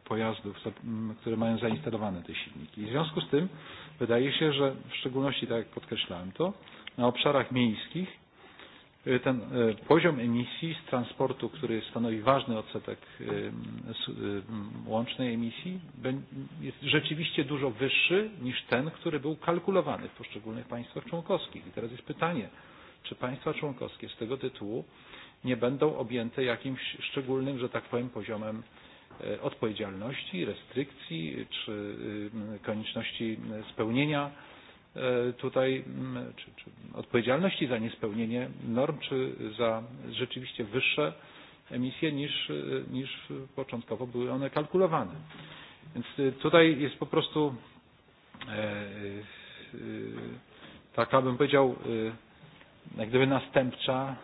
pojazdów, które mają zainstalowane te silniki. I w związku z tym wydaje się, że w szczególności, tak jak podkreślałem to, na obszarach miejskich ten poziom emisji z transportu, który stanowi ważny odsetek łącznej emisji, jest rzeczywiście dużo wyższy niż ten, który był kalkulowany w poszczególnych państwach członkowskich. I teraz jest pytanie, czy państwa członkowskie z tego tytułu nie będą objęte jakimś szczególnym, że tak powiem, poziomem odpowiedzialności, restrykcji czy konieczności spełnienia tutaj czy, czy odpowiedzialności za niespełnienie norm czy za rzeczywiście wyższe emisje niż, niż początkowo były one kalkulowane. Więc tutaj jest po prostu taka bym powiedział jak gdyby następcza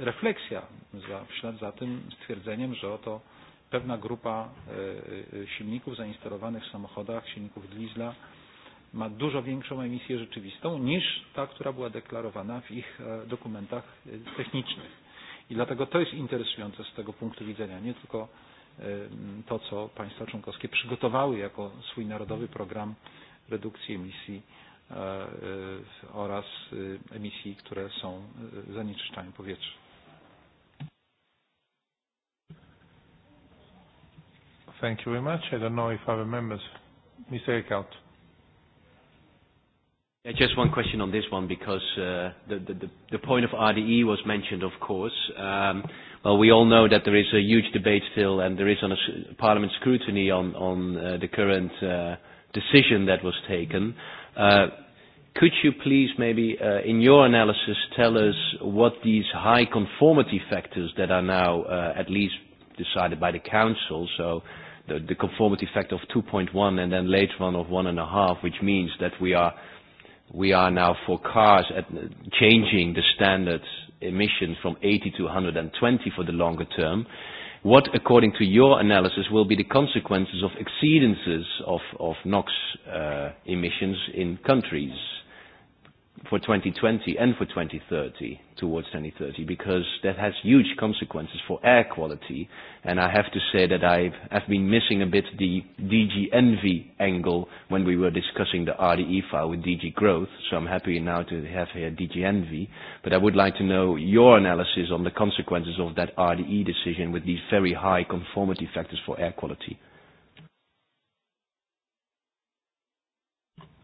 refleksja za, w ślad za tym stwierdzeniem, że oto pewna grupa silników zainstalowanych w samochodach, silników diesla ma dużo większą emisję rzeczywistą niż ta, która była deklarowana w ich dokumentach technicznych. I dlatego to jest interesujące z tego punktu widzenia, nie tylko to, co państwa członkowskie przygotowały jako swój narodowy program redukcji emisji oraz emisji, które są zanieczyszczaniem powietrza. Thank you very much. I don't know if other members, Mr. Eckhout. Yeah, just one question on this one because uh, the, the, the point of RDE was mentioned, of course. Um, well, we all know that there is a huge debate still, and there is on a parliament scrutiny on, on uh, the current uh, decision that was taken. Uh, could you please maybe, uh, in your analysis, tell us what these high conformity factors that are now uh, at least decided by the council, so the, the conformity factor of 2.1 and then later on of 1.5, which means that we are we are now for cars at changing the standard emissions from 80 to 120 for the longer term what, according to your analysis, will be the consequences of exceedances of, of NOx uh, emissions in countries? for 2020 and for 2030 towards 2030 because that has huge consequences for air quality. And I have to say that I've, I've been missing a bit the DG Envy angle when we were discussing the RDE file with DG Growth. So I'm happy now to have here DG Envy. But I would like to know your analysis on the consequences of that RDE decision with these very high conformity factors for air quality.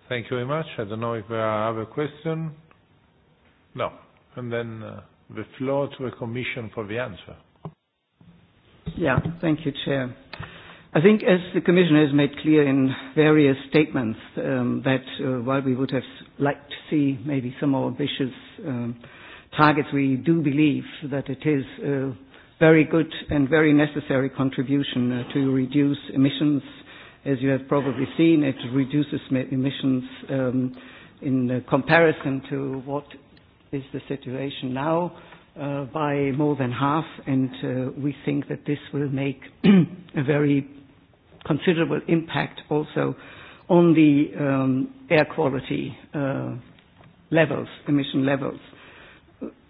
Thank you very much. I don't know if there are other questions. No. And then uh, the floor to the Commission for the answer. Yeah, thank you, Chair. I think as the Commission has made clear in various statements um, that uh, while we would have liked to see maybe some more ambitious um, targets, we do believe that it is a very good and very necessary contribution uh, to reduce emissions – As you have probably seen, it reduces emissions um, in comparison to what is the situation now uh, by more than half, and uh, we think that this will make a very considerable impact also on the um, air quality uh, levels, emission levels.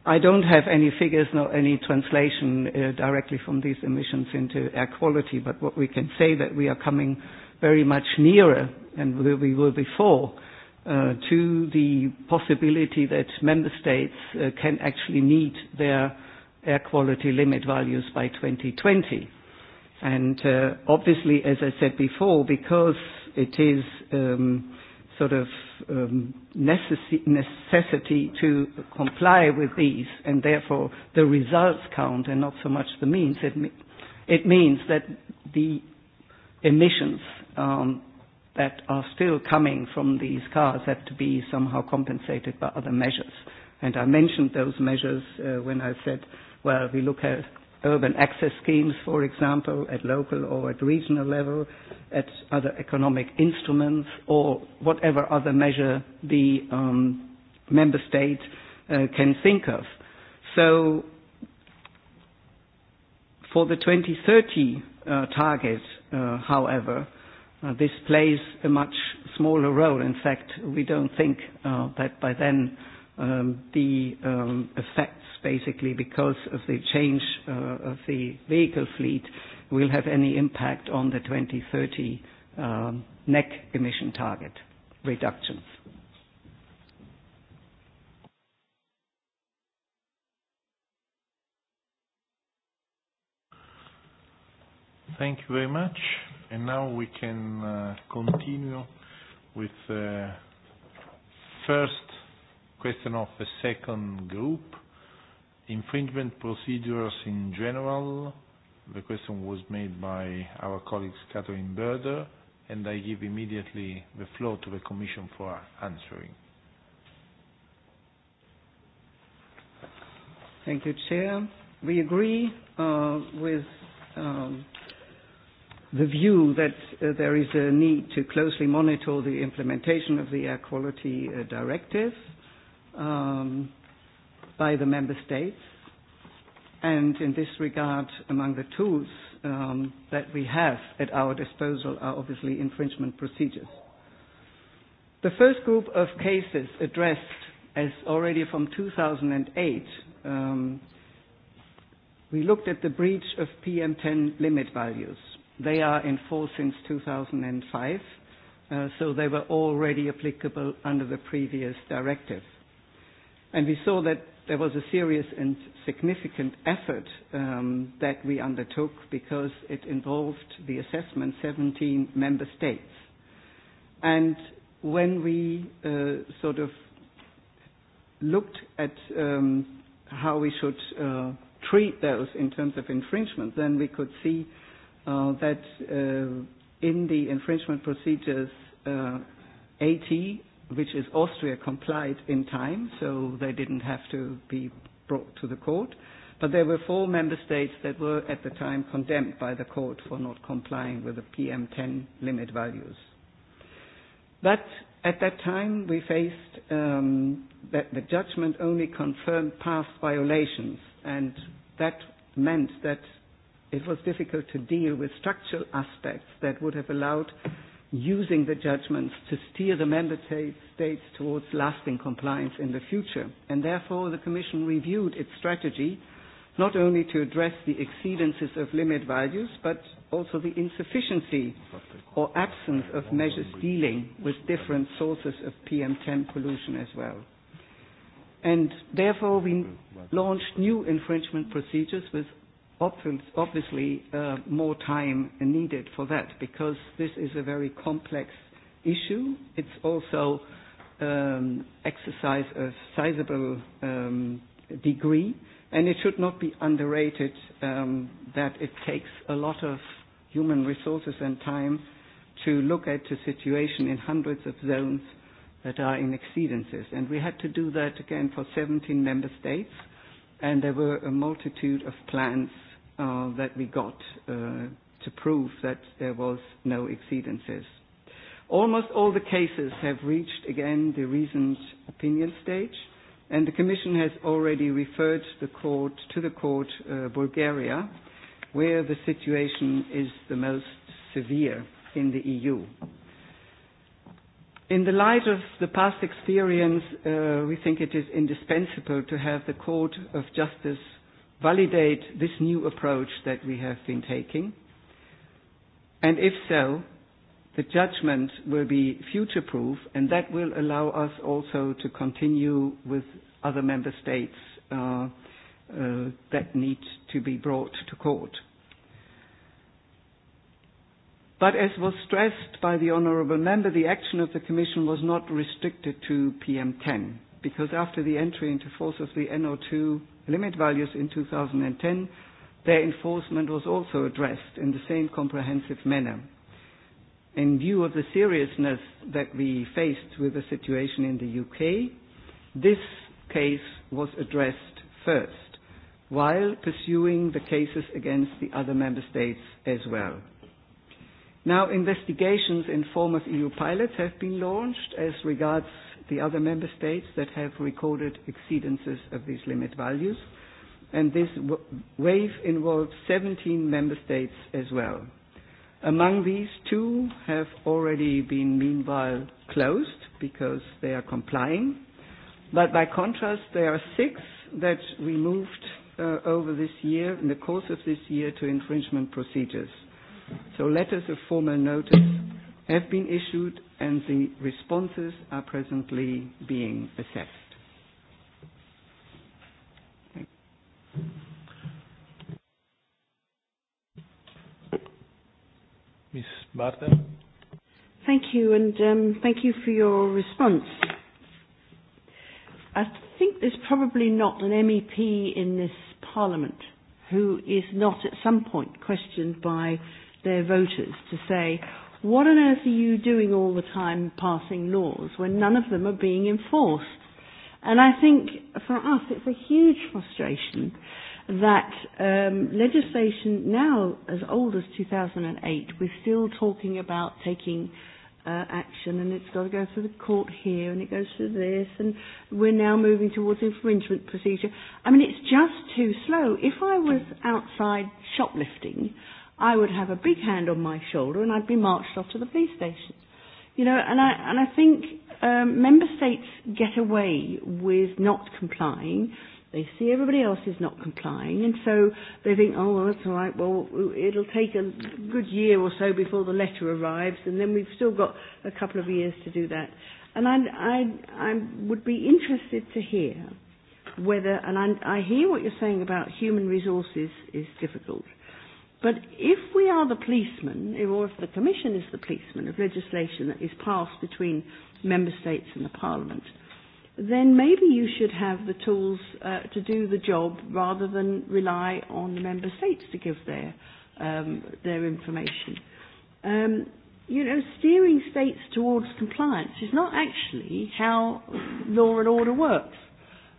I don't have any figures nor any translation uh, directly from these emissions into air quality, but what we can say that we are coming very much nearer and we were before uh, to the possibility that member states uh, can actually meet their air quality limit values by 2020. And uh, obviously, as I said before, because it is um, sort of um, necess- necessity to comply with these, and therefore the results count and not so much the means. It, me- it means that the emissions um, that are still coming from these cars have to be somehow compensated by other measures. And I mentioned those measures uh, when I said, well, we look at urban access schemes, for example, at local or at regional level, at other economic instruments, or whatever other measure the um, member state uh, can think of. So for the 2030 uh, target, uh, however, this plays a much smaller role. In fact, we don't think uh, that by then um, the um, effects, basically because of the change uh, of the vehicle fleet, will have any impact on the 2030 um, NEC emission target reductions. Thank you very much. And Now we can uh continue with uh first question of the second group, infringement procedures in general. The question was made by our colleagues, Catherine Berder, and I give immediately the floor to the commission for answering. Thank you, Chair. We agree uh with um the view that uh, there is a need to closely monitor the implementation of the air quality uh, directive um, by the member states. And in this regard, among the tools um, that we have at our disposal are obviously infringement procedures. The first group of cases addressed as already from 2008, um, we looked at the breach of PM10 limit values. They are in force since 2005, uh, so they were already applicable under the previous directive. And we saw that there was a serious and significant effort um, that we undertook because it involved the assessment 17 member states. And when we uh, sort of looked at um, how we should uh, treat those in terms of infringement, then we could see uh, that uh, in the infringement procedures, uh, AT, which is Austria, complied in time, so they didn't have to be brought to the court. But there were four member states that were at the time condemned by the court for not complying with the PM10 limit values. That At that time, we faced um, that the judgment only confirmed past violations, and that meant that it was difficult to deal with structural aspects that would have allowed using the judgments to steer the member states towards lasting compliance in the future. And therefore, the Commission reviewed its strategy not only to address the exceedances of limit values, but also the insufficiency or absence of measures dealing with different sources of PM10 pollution as well. And therefore, we launched new infringement procedures with obviously uh, more time needed for that because this is a very complex issue. It's also um, exercise of sizable um, degree, and it should not be underrated um, that it takes a lot of human resources and time to look at the situation in hundreds of zones that are in exceedances. And we had to do that again for 17 member states, and there were a multitude of plans uh, that we got uh, to prove that there was no exceedances. Almost all the cases have reached again the reasoned opinion stage, and the Commission has already referred the court to the court uh, Bulgaria, where the situation is the most severe in the EU. In the light of the past experience, uh, we think it is indispensable to have the Court of Justice validate this new approach that we have been taking? And if so, the judgment will be future-proof, and that will allow us also to continue with other member states uh, uh, that need to be brought to court. But as was stressed by the Honourable Member, the action of the Commission was not restricted to PM10, because after the entry into force of the NO2 limit values in 2010, their enforcement was also addressed in the same comprehensive manner. In view of the seriousness that we faced with the situation in the UK, this case was addressed first, while pursuing the cases against the other member states as well. Now, investigations in former EU pilots have been launched as regards the other member states that have recorded exceedances of these limit values. And this w- wave involved 17 member states as well. Among these, two have already been meanwhile closed because they are complying. But by contrast, there are six that we moved uh, over this year, in the course of this year, to infringement procedures. So letters of formal notice have been issued and the responses are presently being assessed. Ms. Barton? Thank you, and um, thank you for your response. I think there's probably not an MEP in this Parliament who is not at some point questioned by their voters to say, What on earth are you doing all the time passing laws when none of them are being enforced? And I think for us it's a huge frustration that um, legislation now as old as 2008, we're still talking about taking uh, action and it's got to go through the court here and it goes through this and we're now moving towards infringement procedure. I mean, it's just too slow. If I was outside shoplifting, I would have a big hand on my shoulder and I'd be marched off to the police station. You know, and I, and I think um, member states get away with not complying. They see everybody else is not complying, and so they think, oh, well, that's all right. Well, it'll take a good year or so before the letter arrives, and then we've still got a couple of years to do that. And I, I, I would be interested to hear whether, and I, I hear what you're saying about human resources is difficult, But if we are the policeman, or if the Commission is the policeman of legislation that is passed between member states and the Parliament, then maybe you should have the tools uh, to do the job rather than rely on the member states to give their um, their information. Um, you know, steering states towards compliance is not actually how law and order works.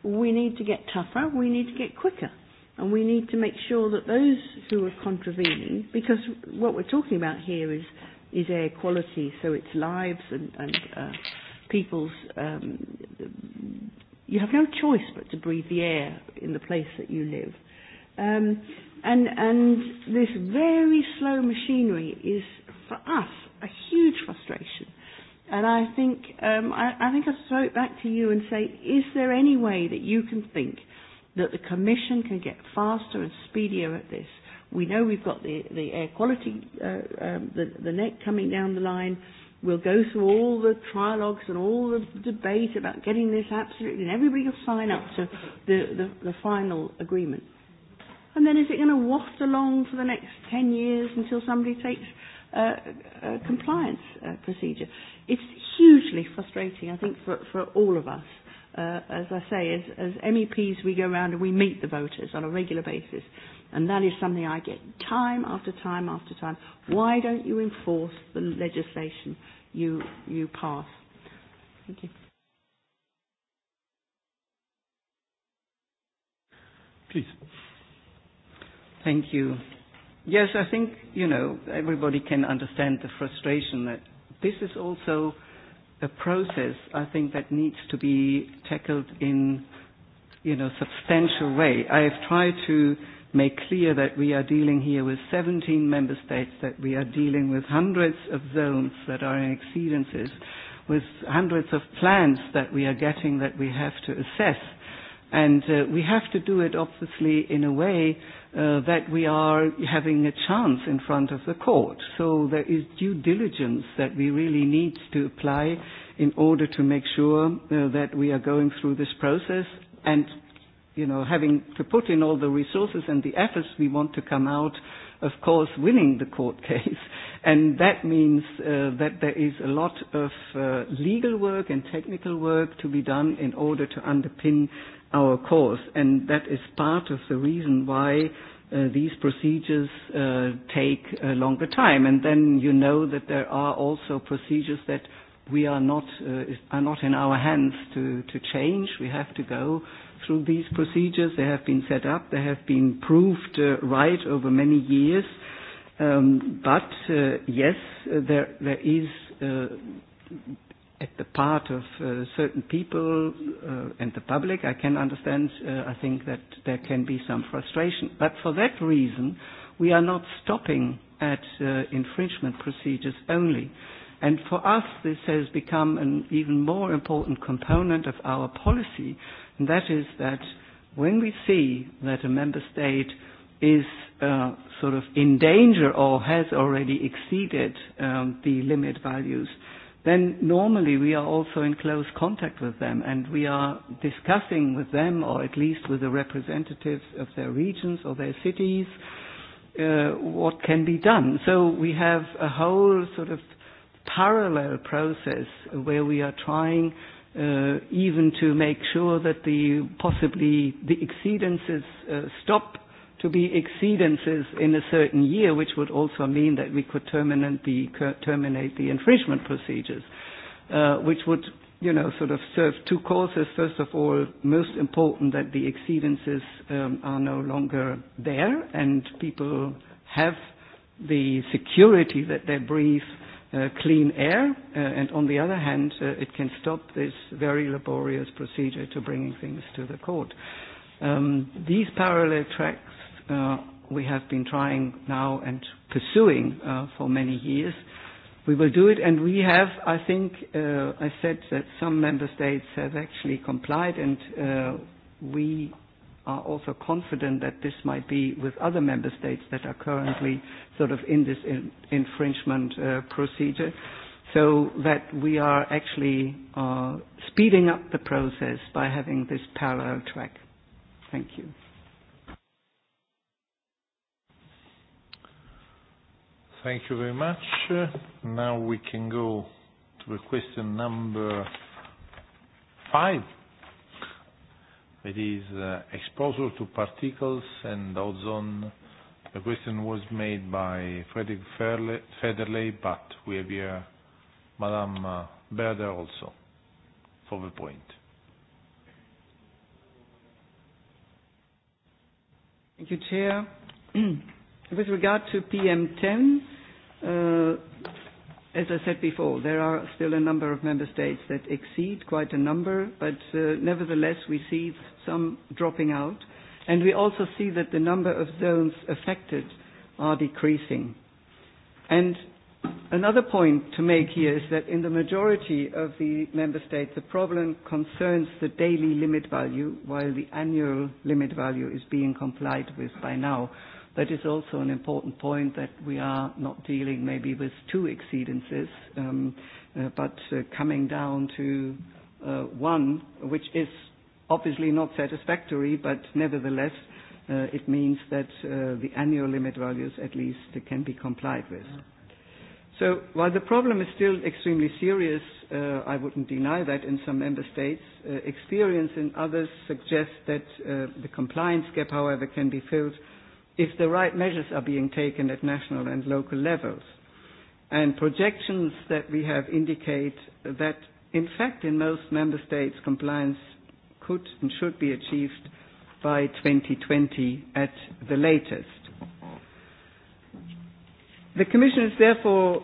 We need to get tougher. We need to get quicker. And we need to make sure that those who are contravening, because what we're talking about here is, is air quality, so it's lives and, and uh, people's. Um, you have no choice but to breathe the air in the place that you live. Um, and, and this very slow machinery is, for us, a huge frustration. And I think um, I, I think I'll throw it back to you and say, is there any way that you can think that the Commission can get faster and speedier at this. We know we've got the, the air quality, uh, um, the, the net coming down the line. We'll go through all the trialogues and all the debate about getting this absolutely, and everybody will sign up to the, the, the final agreement. And then is it going to waft along for the next 10 years until somebody takes uh, a compliance uh, procedure? It's hugely frustrating, I think, for, for all of us uh, as I say, as, as MEPs, we go around and we meet the voters on a regular basis. And that is something I get time after time after time. Why don't you enforce the legislation you, you pass? Thank you. Please. Thank you. Yes, I think, you know, everybody can understand the frustration that this is also a process I think that needs to be tackled in you know substantial way. I have tried to make clear that we are dealing here with 17 member states, that we are dealing with hundreds of zones that are in exceedances, with hundreds of plans that we are getting that we have to assess And uh, we have to do it, obviously, in a way uh, that we are having a chance in front of the court. So there is due diligence that we really need to apply in order to make sure uh, that we are going through this process and, you know, having to put in all the resources and the efforts we want to come out of course, winning the court case. And that means uh, that there is a lot of uh, legal work and technical work to be done in order to underpin our cause. And that is part of the reason why uh, these procedures uh, take a longer time. And then you know that there are also procedures that we are not, uh, are not in our hands to, to change. We have to go through these procedures. They have been set up. They have been proved uh, right over many years. Um, but uh, yes, there, there is uh, at the part of uh, certain people uh, and the public, I can understand, uh, I think that there can be some frustration. But for that reason, we are not stopping at uh, infringement procedures only. And for us, this has become an even more important component of our policy, and that is that when we see that a member state is uh, sort of in danger or has already exceeded um, the limit values, uh, then normally we are also in close contact with them and we are discussing with them or at least with the representatives of their regions or their cities uh, what can be done. So we have a whole sort of parallel process where we are trying uh, even to make sure that the possibly the exceedances uh, stop to be exceedances in a certain year, which would also mean that we could terminate the, terminate the infringement procedures, uh, which would you know, sort of serve two causes. First of all, most important that the exceedances um, are no longer there and people have the security that they breathe uh, clean air. Uh, and on the other hand, uh, it can stop this very laborious procedure to bringing things to the court. Um, these parallel tracks uh, we have been trying now and pursuing uh, for many years. We will do it, and we have, I think, uh, I said that some member states have actually complied, and uh, we are also confident that this might be with other member states that are currently sort of in this in infringement uh, procedure, so that we are actually uh, speeding up the process by having this parallel track. Thank you. Thank you very much. Now we can go to the question number five. It is uh, exposure to particles and ozone. The question was made by Frederick Federley, but we have here Madame Berder also for the point. Thank you, Chair. With regard to PM10, uh, as I said before, there are still a number of member states that exceed quite a number, but uh, nevertheless, we see some dropping out. And we also see that the number of zones affected are decreasing. And another point to make here is that in the majority of the member states, the problem concerns the daily limit value, while the annual limit value is being complied with by now. That is also an important point that we are not dealing maybe with two exceedances, um, uh, but uh, coming down to uh, one, which is obviously not satisfactory, but nevertheless, uh, it means that uh, the annual limit values at least uh, can be complied with. So while the problem is still extremely serious, uh, I wouldn't deny that in some member states, uh, experience in others suggests that uh, the compliance gap, however, can be filled if the right measures are being taken at national and local levels. And projections that we have indicate that, in fact, in most member states, compliance could and should be achieved by 2020 at the latest. The Commission is therefore,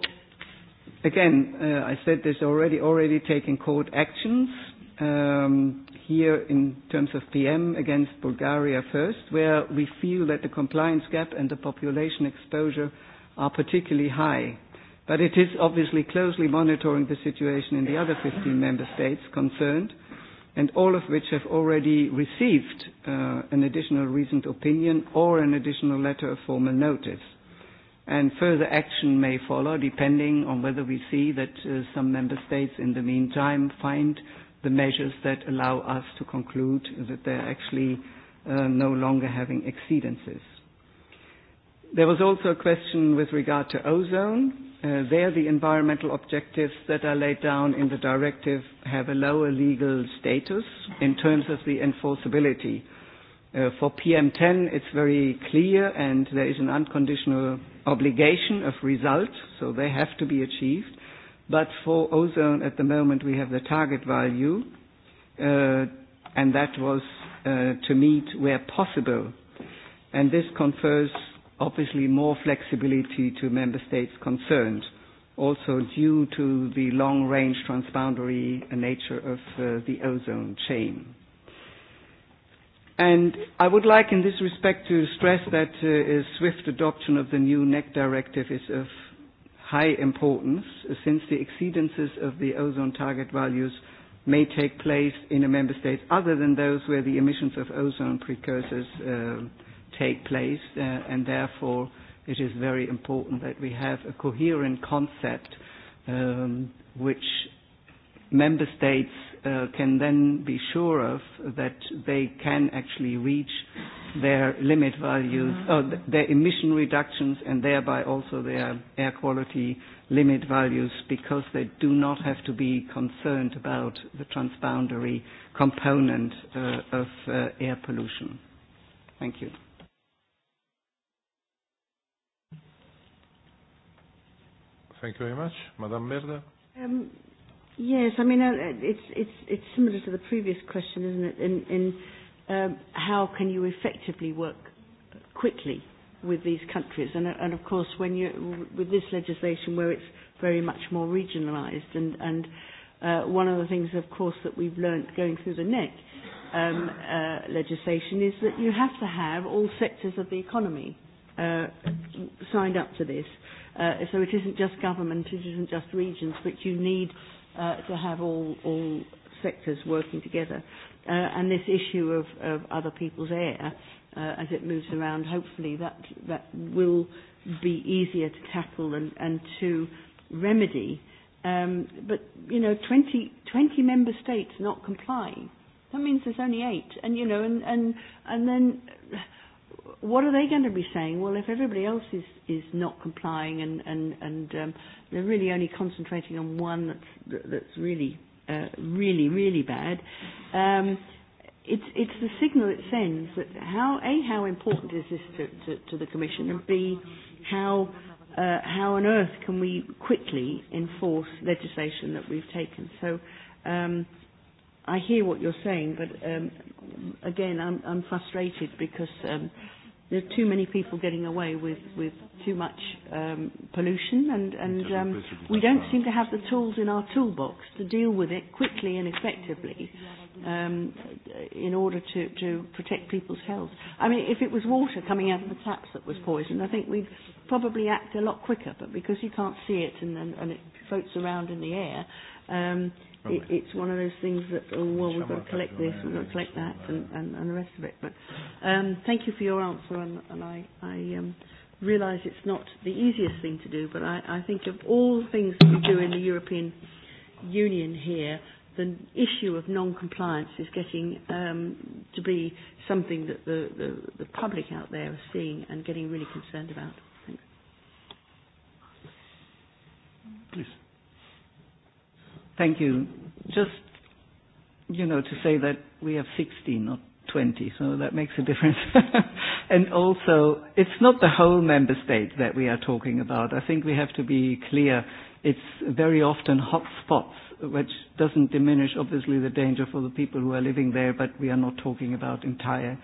again, uh, I said this already, already taking court actions um, here in terms of PM against Bulgaria first, where we feel that the compliance gap and the population exposure are particularly high. But it is obviously closely monitoring the situation in the other 15 member states concerned, and all of which have already received uh, an additional reasoned opinion or an additional letter of formal notice. And further action may follow depending on whether we see that uh, some member states in the meantime find the measures that allow us to conclude that they're actually uh, no longer having exceedances. There was also a question with regard to ozone. Uh, there, the environmental objectives that are laid down in the directive have a lower legal status in terms of the enforceability. Uh, for PM10, it's very clear and there is an unconditional obligation of result, so they have to be achieved. But for ozone, at the moment, we have the target value, uh, and that was uh, to meet where possible. And this confers, obviously, more flexibility to member states concerned, also due to the long-range transboundary nature of uh, the ozone chain. And I would like in this respect to stress that uh, a swift adoption of the new NEC directive is of high importance since the exceedances of the ozone target values may take place in a member state other than those where the emissions of ozone precursors uh, take place uh, and therefore it is very important that we have a coherent concept um, which member states uh, can then be sure of that they can actually reach their limit values, mm-hmm. uh, their emission reductions, and thereby also their air quality limit values, because they do not have to be concerned about the transboundary component uh, of uh, air pollution. Thank you. Thank you very much. Madame Merda. Um, Yes, I mean, uh, it's, it's, it's similar to the previous question, isn't it, in, in um, how can you effectively work quickly with these countries? And, and of course, when you, with this legislation where it's very much more regionalised and, and Uh, one of the things, of course, that we've learnt going through the NEC um, uh, legislation is that you have to have all sectors of the economy uh, signed up to this. Uh, so it isn't just government, it isn't just regions, but you need uh, to have all, all sectors working together. Uh, and this issue of, of other people's air, uh, as it moves around, hopefully that, that will be easier to tackle and, and to remedy. Um, but, you know, 20, 20 member states not complying, that means there's only eight. And, you know, and, and, and then what are they going to be saying? Well, if everybody else is, is not complying and, and, and um, they're really only concentrating on one that's, that's really, uh, really, really bad, um, it's, it's the signal it sends that how, A, how important is this to, to, to the Commission, and B, how, uh, how on earth can we quickly enforce legislation that we've taken? So, um, I hear what you're saying, but um, again, I'm, I'm frustrated because um, there are too many people getting away with, with too much um, pollution, and, and um, we don't seem to have the tools in our toolbox to deal with it quickly and effectively. Yeah um, in order to, to protect people's health. I mean, if it was water coming out of the taps that was poisoned, I think we'd probably act a lot quicker, but because you can't see it and, and, and it floats around in the air, um, it, it's one of those things that, oh, well, we've got to collect this, we've got to collect that, and, and, and the rest of it. But um, thank you for your answer, and, and I, I um, realise it's not the easiest thing to do, but I, I think of all the things that we do in the European Union here, the issue of non-compliance is getting um, to be something that the, the, the public out there are seeing and getting really concerned about. Thanks. Please. Thank you. Just, you know, to say that we have 60, not 20, so that makes a difference. and also, it's not the whole member state that we are talking about. I think we have to be clear. It's very often hot spots which doesn't diminish, obviously, the danger for the people who are living there, but we are not talking about entire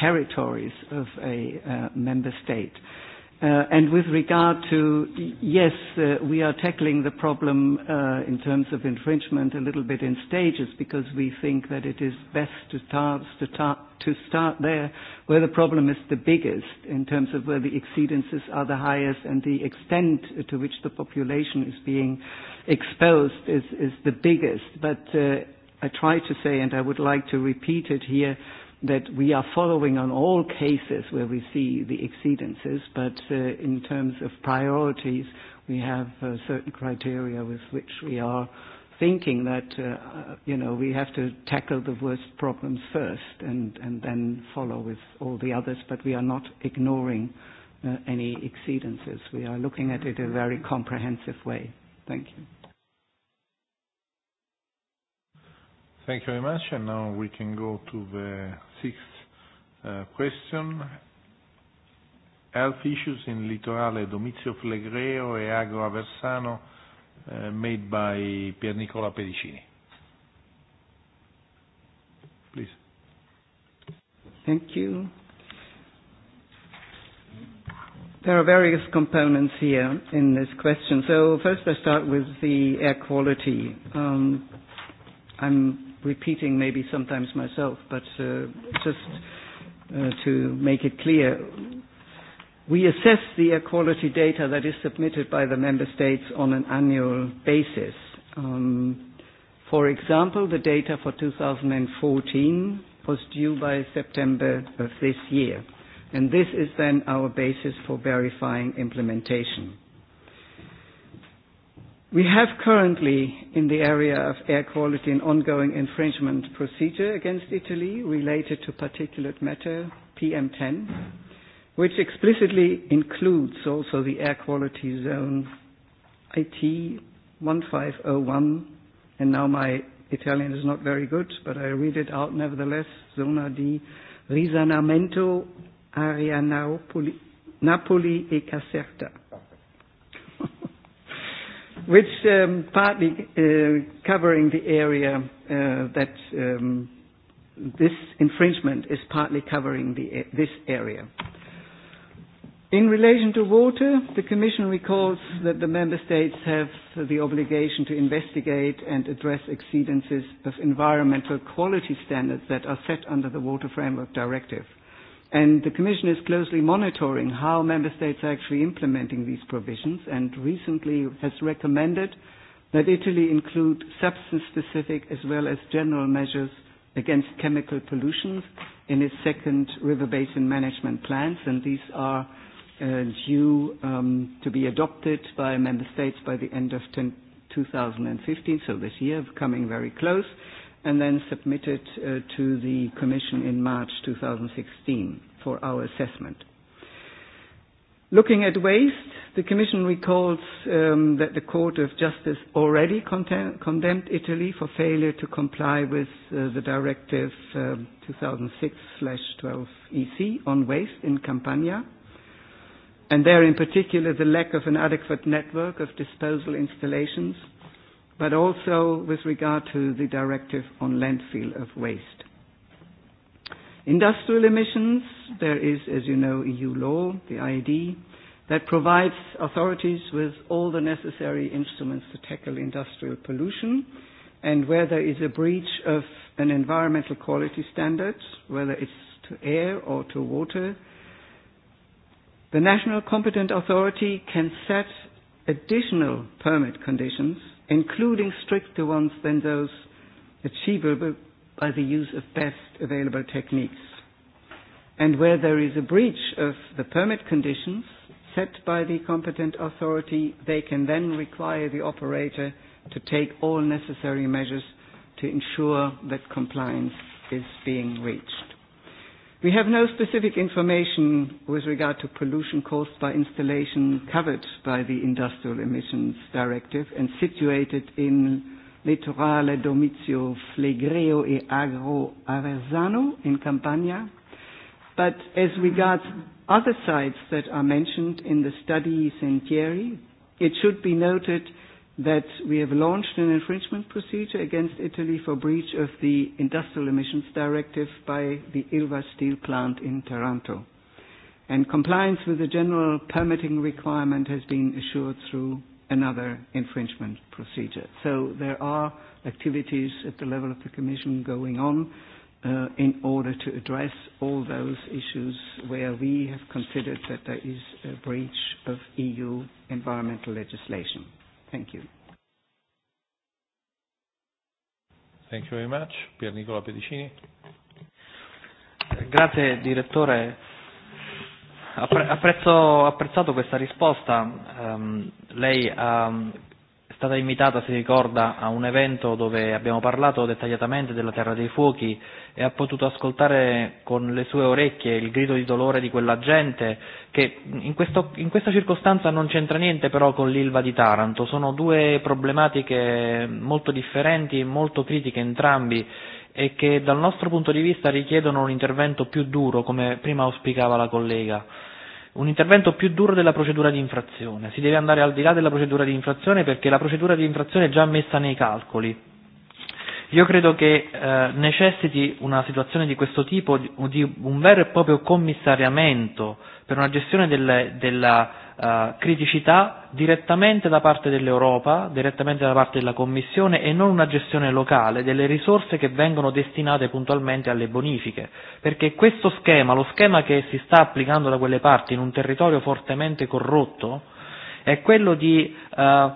territories of a uh, member state. And with regard to, yes, uh we are tackling the problem uh in terms of infringement a little bit in stages because we think that it is best to start to start to start there where the problem is the biggest in terms of where the exceedances are the highest and the extent to which the population is being exposed is is the biggest. But uh I try to say, and I would like to repeat it here, that we are following on all cases where we see the exceedances, but uh, in terms of priorities, we have uh, certain criteria with which we are thinking that uh, you know we have to tackle the worst problems first and, and then follow with all the others, but we are not ignoring uh, any exceedances. We are looking at it in a very comprehensive way. Thank you. Thank you very much. and Now we can go to the Sixth question, health issues in Litorale Domizio Flegreo e Agro Aversano, uh, made by Pier Nicola Pedicini. Please. Thank you. There are various components here in this question. So first I start with the air quality. Um, I'm repeating maybe sometimes myself, but uh, just uh, to make it clear, we assess the air quality data that is submitted by the member states on an annual basis. Um, for example, the data for 2014 was due by September of this year, and this is then our basis for verifying implementation. We have currently, in the area of air quality, an ongoing infringement procedure against Italy related to particulate matter, PM10, which explicitly includes also the air quality zone IT 1501, and now my Italian is not very good, but I read it out nevertheless, zona di risanamento area Napoli e Caserta which um, partly uh, covering the area uh, that um, this infringement is partly covering the, this area. In relation to water, the Commission recalls that the Member States have the obligation to investigate and address exceedances of environmental quality standards that are set under the Water Framework Directive – And the Commission is closely monitoring how Member States are actually implementing these provisions and recently has recommended that Italy include substance-specific as well as general measures against chemical pollution in its second river basin management plans, and these are uh, due um, to be adopted by member states by the end of 10, 2015, so this year, coming very close and then submitted uh, to the Commission in March 2016 for our assessment. Looking at waste, the Commission recalls um, that the Court of Justice already contem- condemned Italy for failure to comply with uh, the Directive uh, 2006/12/EC on waste in Campania, and there in particular the lack of an adequate network of disposal installations but also with regard to the directive on landfill of waste. Industrial emissions, there is, as you know, EU law, the IED, that provides authorities with all the necessary instruments to tackle industrial pollution. And where there is a breach of an environmental quality standard, whether it's to air or to water, the national competent authority can set additional permit conditions including stricter ones than those achievable by the use of best available techniques. And where there is a breach of the permit conditions set by the competent authority, they can then require the operator to take all necessary measures to ensure that compliance is being reached. We have no specific information with regard to pollution caused by installation covered by the Industrial Emissions Directive and situated in Litorale Domizio Flegreo e Agro Aversano in Campania. But as regards other sites that are mentioned in the study Sentieri, it should be noted that we have launched an infringement procedure against Italy for breach of the Industrial Emissions Directive by the Ilva steel plant in Taranto. And compliance with the general permitting requirement has been assured through another infringement procedure. So there are activities at the level of the Commission going on uh, in order to address all those issues where we have considered that there is a breach of EU environmental legislation. Thank you. Thank you very much. Pier Nicola Pedicini. Grazie direttore. Apprezzo, apprezzato questa risposta. Um, lei ha stata invitata, si ricorda, a un evento dove abbiamo parlato dettagliatamente della Terra dei Fuochi e ha potuto ascoltare con le sue orecchie il grido di dolore di quella gente che in, questo, in questa circostanza non c'entra niente però con l'Ilva di Taranto, sono due problematiche molto differenti, molto critiche entrambi e che dal nostro punto di vista richiedono un intervento più duro come prima auspicava la collega un intervento più duro della procedura di infrazione. Si deve andare al di là della procedura di infrazione perché la procedura di infrazione è già messa nei calcoli. Io credo che eh, necessiti una situazione di questo tipo di un vero e proprio commissariamento per una gestione del, della, criticità direttamente da parte dell'Europa, direttamente da parte della Commissione e non una gestione locale delle risorse che vengono destinate puntualmente alle bonifiche, perché questo schema, lo schema che si sta applicando da quelle parti in un territorio fortemente corrotto, è quello di eh,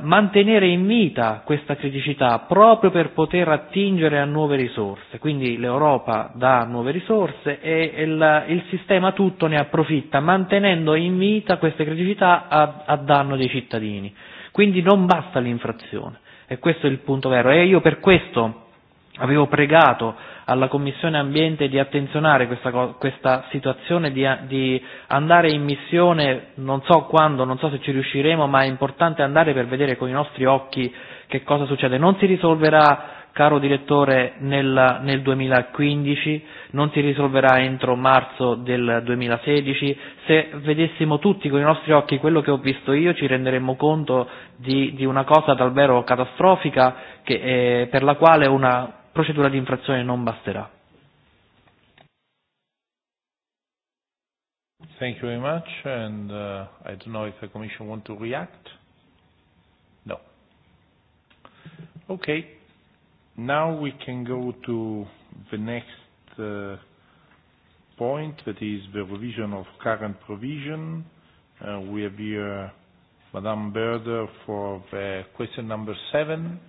mantenere in vita questa criticità proprio per poter attingere a nuove risorse. Quindi l'Europa dà nuove risorse e il, il sistema tutto ne approfitta, mantenendo in vita queste criticità a, a danno dei cittadini. Quindi non basta l'infrazione, e questo è il punto vero. E io per questo avevo pregato alla Commissione Ambiente di attenzionare questa, questa situazione, di, di andare in missione, non so quando, non so se ci riusciremo, ma è importante andare per vedere con i nostri occhi che cosa succede. Non si risolverà caro direttore, nel, nel 2015, non si risolverà entro marzo del 2016. Se vedessimo tutti con i nostri occhi quello che ho visto io, ci renderemmo conto di, di una cosa davvero catastrofica che, eh, per la quale una, procedura di infrazione non basterà. Thank you very much. And uh, I don't know if the Commission want to react. No. Okay. Now we can go to the next uh, point, that is the revision of current provision. Uh, we have here Madame Berder for the question number seven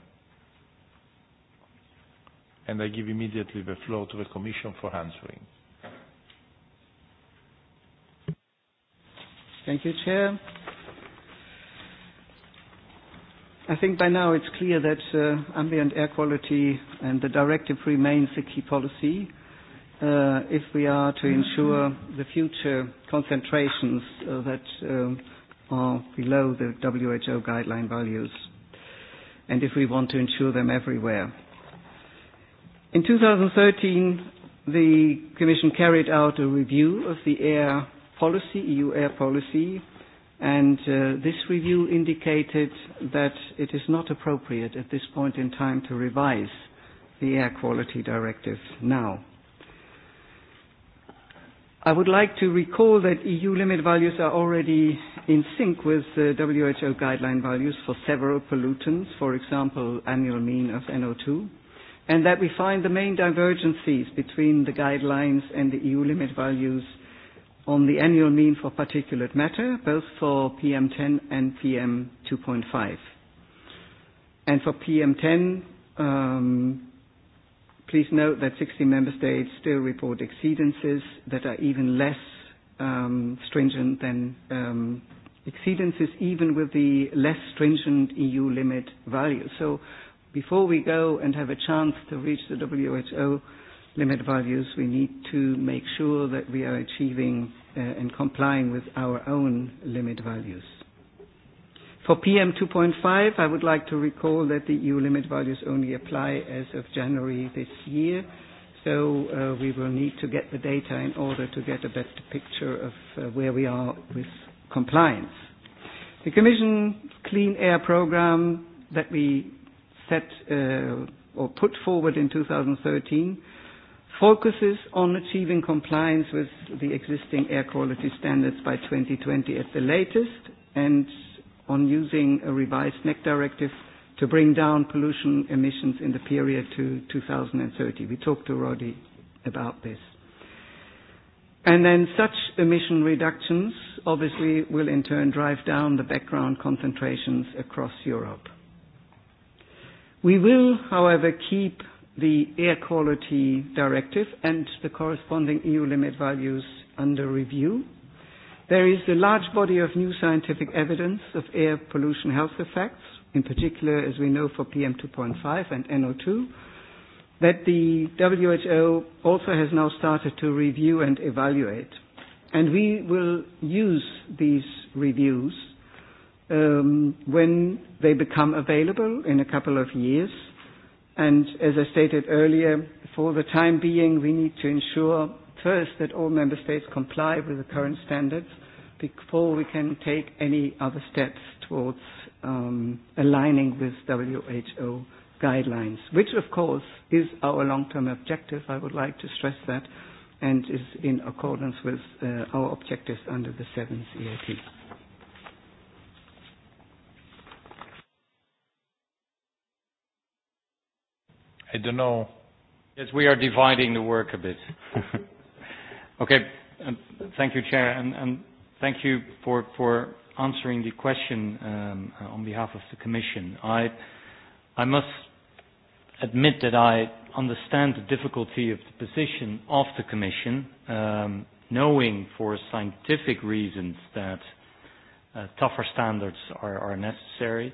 and I give immediately the floor to the Commission for answering. Thank you, Chair. I think by now it's clear that uh, ambient air quality and the directive remains a key policy uh, if we are to ensure the future concentrations uh, that um, are below the WHO guideline values and if we want to ensure them everywhere. In 2013, the Commission carried out a review of the air policy, EU air policy, and uh, this review indicated that it is not appropriate at this point in time to revise the Air Quality Directive now. I would like to recall that EU limit values are already in sync with the WHO guideline values for several pollutants, for example, annual mean of NO2 and that we find the main divergencies between the guidelines and the EU limit values on the annual mean for particulate matter, both for PM10 and PM2.5. And for PM10, um, please note that 60 member states still report exceedances that are even less um, stringent than um, exceedances even with the less stringent EU limit values. So before we go and have a chance to reach the WHO limit values, we need to make sure that we are achieving uh, and complying with our own limit values. For PM 2.5, I would like to recall that the EU limit values only apply as of January this year, so uh, we will need to get the data in order to get a better picture of uh, where we are with compliance. The Commission Clean Air program that we set uh, or put forward in 2013 focuses on achieving compliance with the existing air quality standards by 2020 at the latest and on using a revised NEC directive to bring down pollution emissions in the period to 2030. We talked to Roddy about this. And then such emission reductions obviously will in turn drive down the background concentrations across Europe. We will, however, keep the air quality directive and the corresponding EU limit values under review. There is a large body of new scientific evidence of air pollution health effects, in particular, as we know, for PM2.5 and NO2, that the WHO also has now started to review and evaluate. And we will use these reviews um, when they become available in a couple of years. And as I stated earlier, for the time being, we need to ensure first that all member states comply with the current standards before we can take any other steps towards um, aligning with WHO guidelines, which of course is our long-term objective. I would like to stress that and is in accordance with uh, our objectives under the seventh EAP. I don't know. Yes, we are dividing the work a bit. Okay. Thank you, Chair, and and thank you for for answering the question um on behalf of the Commission. I I must admit that I understand the difficulty of the position of the Commission, um, knowing for scientific reasons that uh tougher standards are are necessary.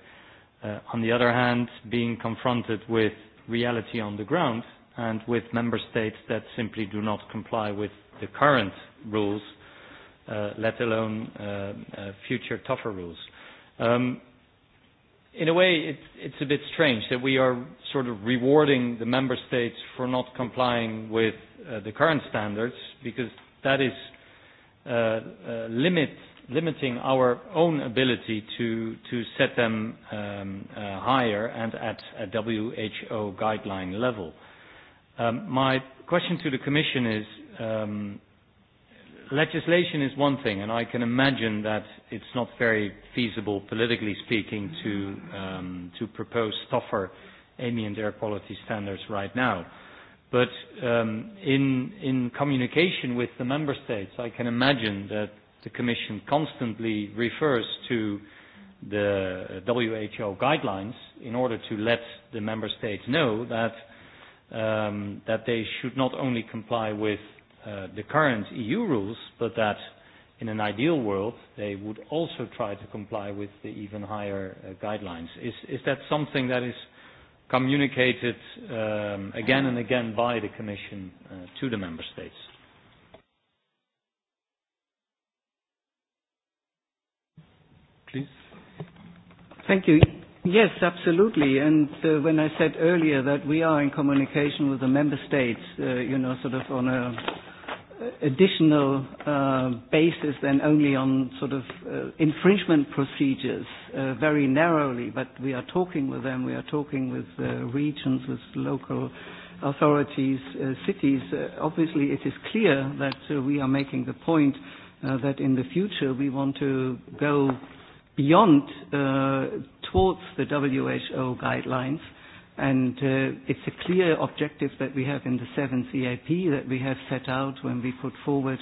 Uh On the other hand, being confronted with reality on the ground and with member states that simply do not comply with the current rules, uh, let alone uh, uh, future tougher rules. Um, in a way, it, it's a bit strange that we are sort of rewarding the member states for not complying with uh, the current standards because that is uh, uh, limit limiting our own ability to to set them um uh higher and at a WHO guideline level. Um My question to the Commission is, um legislation is one thing, and I can imagine that it's not very feasible, politically speaking, to um to propose tougher ambient air quality standards right now. But um In in communication with the member states, I can imagine that the Commission constantly refers to the WHO guidelines in order to let the member states know that um, that they should not only comply with uh, the current EU rules, but that in an ideal world they would also try to comply with the even higher uh, guidelines. Is is that something that is communicated um, again and again by the Commission uh, to the member states? Thank you. Yes, absolutely. And uh, when I said earlier that we are in communication with the member states, uh, you know, sort of on a additional uh, basis than only on sort of uh, infringement procedures uh, very narrowly, but we are talking with them, we are talking with uh, regions, with local authorities, uh, cities. Uh, obviously, it is clear that uh, we are making the point uh, that in the future we want to go beyond uh, towards the WHO guidelines. And uh, it's a clear objective that we have in the seventh EAP that we have set out when we put forward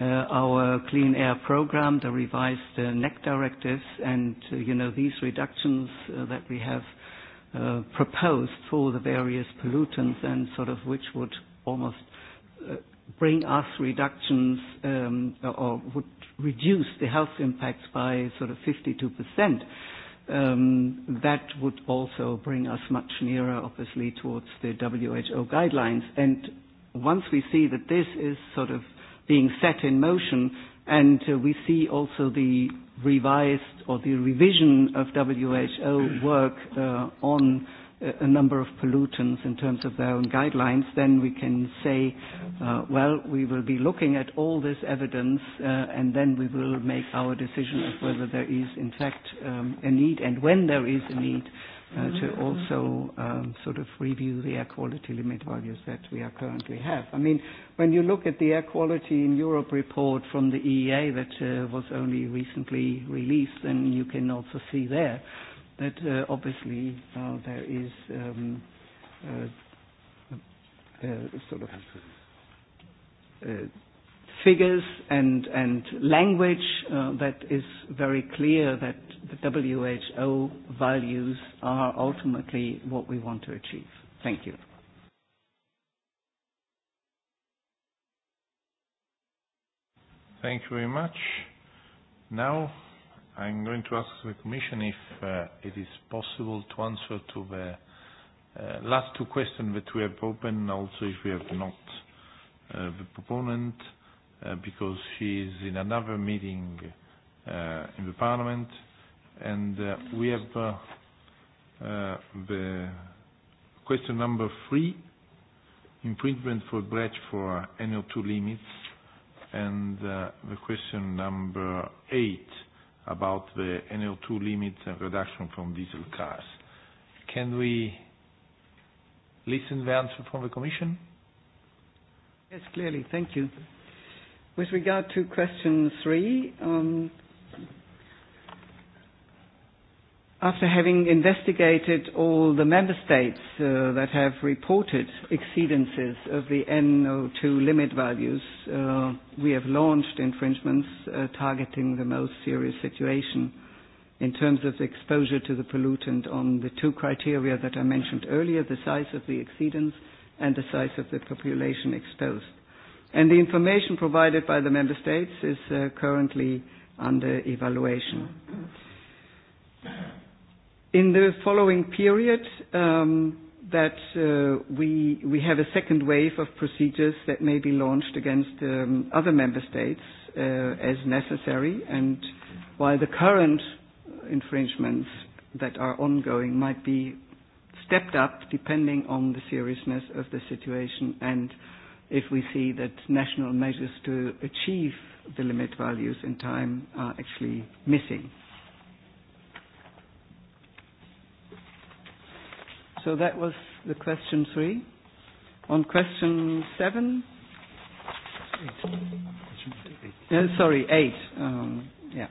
uh, our clean air program, the revised uh, NEC directives, and uh, you know these reductions uh, that we have uh, proposed for the various pollutants, and sort of which would almost uh, bring us reductions um, or would reduce the health impacts by sort of 52%, um, that would also bring us much nearer, obviously, towards the WHO guidelines. And once we see that this is sort of being set in motion, and uh, we see also the revised or the revision of WHO work uh, on a number of pollutants in terms of their own guidelines, then we can say, uh, well, we will be looking at all this evidence uh, and then we will make our decision of whether there is, in fact, um, a need and when there is a need uh, to also um, sort of review the air quality limit values that we are currently have. I mean, when you look at the air quality in Europe report from the EEA that uh, was only recently released, then you can also see there that uh, obviously uh, there is um, uh, uh, sort of uh, figures and, and language uh, that is very clear that the WHO values are ultimately what we want to achieve. Thank you. Thank you very much. Now I'm going to ask the Commission if uh, it is possible to answer to the uh, last two questions that we have open, also if we have not uh, the proponent, uh, because she is in another meeting uh, in the Parliament, and uh, we have uh, uh, the question number three, infringement for breach for NO2 limits, and uh, the question number eight, about the NO2 limits and reduction from diesel cars. Can we listen the answer from the Commission? Yes, clearly. Thank you. With regard to question three, um, after having investigated all the member states uh, that have reported exceedances of the NO2 limit values, uh, we have launched infringements uh, targeting the most serious situation in terms of exposure to the pollutant on the two criteria that I mentioned earlier, the size of the exceedance and the size of the population exposed. And the information provided by the member states is uh, currently under evaluation. In the following period, um that uh we we have a second wave of procedures that may be launched against um other member states uh as necessary. and While the current infringements that are ongoing might be stepped up depending on the seriousness of the situation and if we see that national measures to achieve the limit values in time are actually missing. So that was the question three. On question seven. Eight. Uh, sorry, eight. Um, yeah.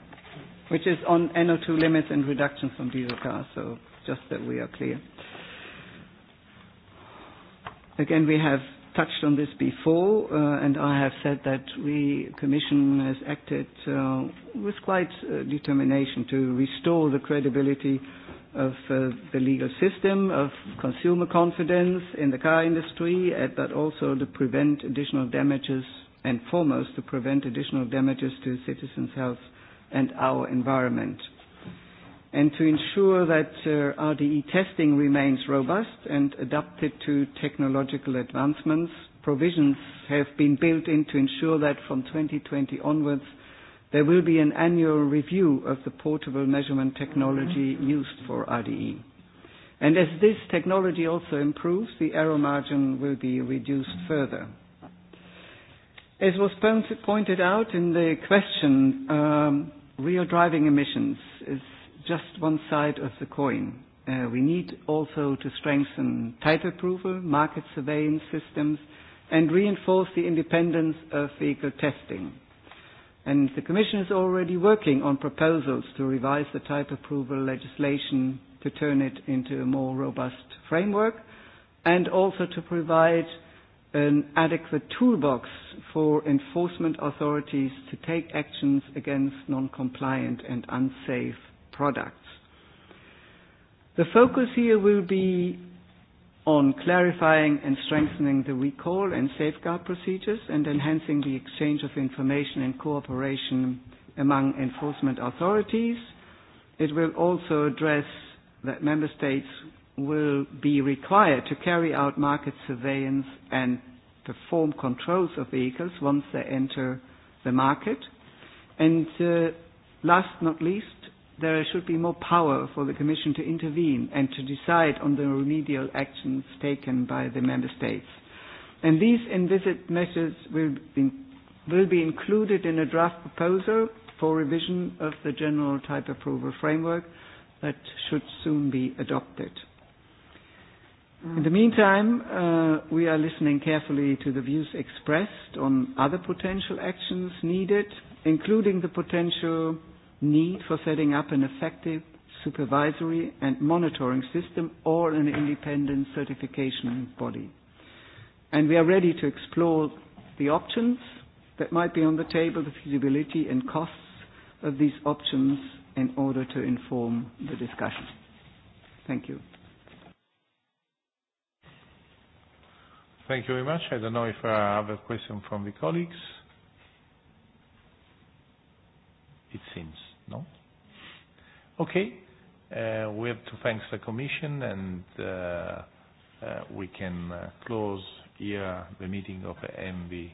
Which is on NO2 limits and reductions from diesel cars. So just that we are clear. Again, we have touched on this before, uh, and I have said that we Commission has acted uh, with quite uh, determination to restore the credibility of uh, the legal system, of consumer confidence in the car industry, and, but also to prevent additional damages, and foremost to prevent additional damages to citizens' health and our environment. And to ensure that uh, RDE testing remains robust and adapted to technological advancements, provisions have been built in to ensure that from 2020 onwards, There will be an annual review of the portable measurement technology used for RDE. And as this technology also improves, the error margin will be reduced further. As was pointed out in the question, um, real driving emissions is just one side of the coin. Uh, we need also to strengthen type approval, market surveillance systems, and reinforce the independence of vehicle testing. And the Commission is already working on proposals to revise the type approval legislation to turn it into a more robust framework and also to provide an adequate toolbox for enforcement authorities to take actions against non-compliant and unsafe products. The focus here will be on clarifying and strengthening the recall and safeguard procedures and enhancing the exchange of information and cooperation among enforcement authorities. It will also address that member states will be required to carry out market surveillance and perform controls of vehicles once they enter the market. And uh, last not least, there should be more power for the Commission to intervene and to decide on the remedial actions taken by the Member States. And these envisaged measures will be, will be included in a draft proposal for revision of the General Type Approval Framework that should soon be adopted. In the meantime, uh, we are listening carefully to the views expressed on other potential actions needed, including the potential need for setting up an effective supervisory and monitoring system or an independent certification body. And we are ready to explore the options that might be on the table, the feasibility and costs of these options in order to inform the discussion. Thank you. Thank you very much. I don't know if I have a question from the colleagues. It seems. No? Okay. Uh, we have to thank the Commission and uh, uh, we can uh, close here the meeting of the MV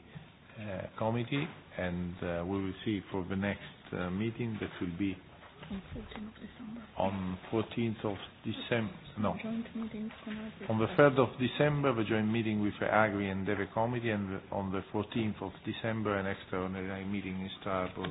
uh, committee and uh, we will see for the next uh, meeting that will be on 14th of December, no, on the 3rd of December, the joint meeting with the Agri and Deve Committee, and on the 14th of December, an extraordinary meeting in Strasbourg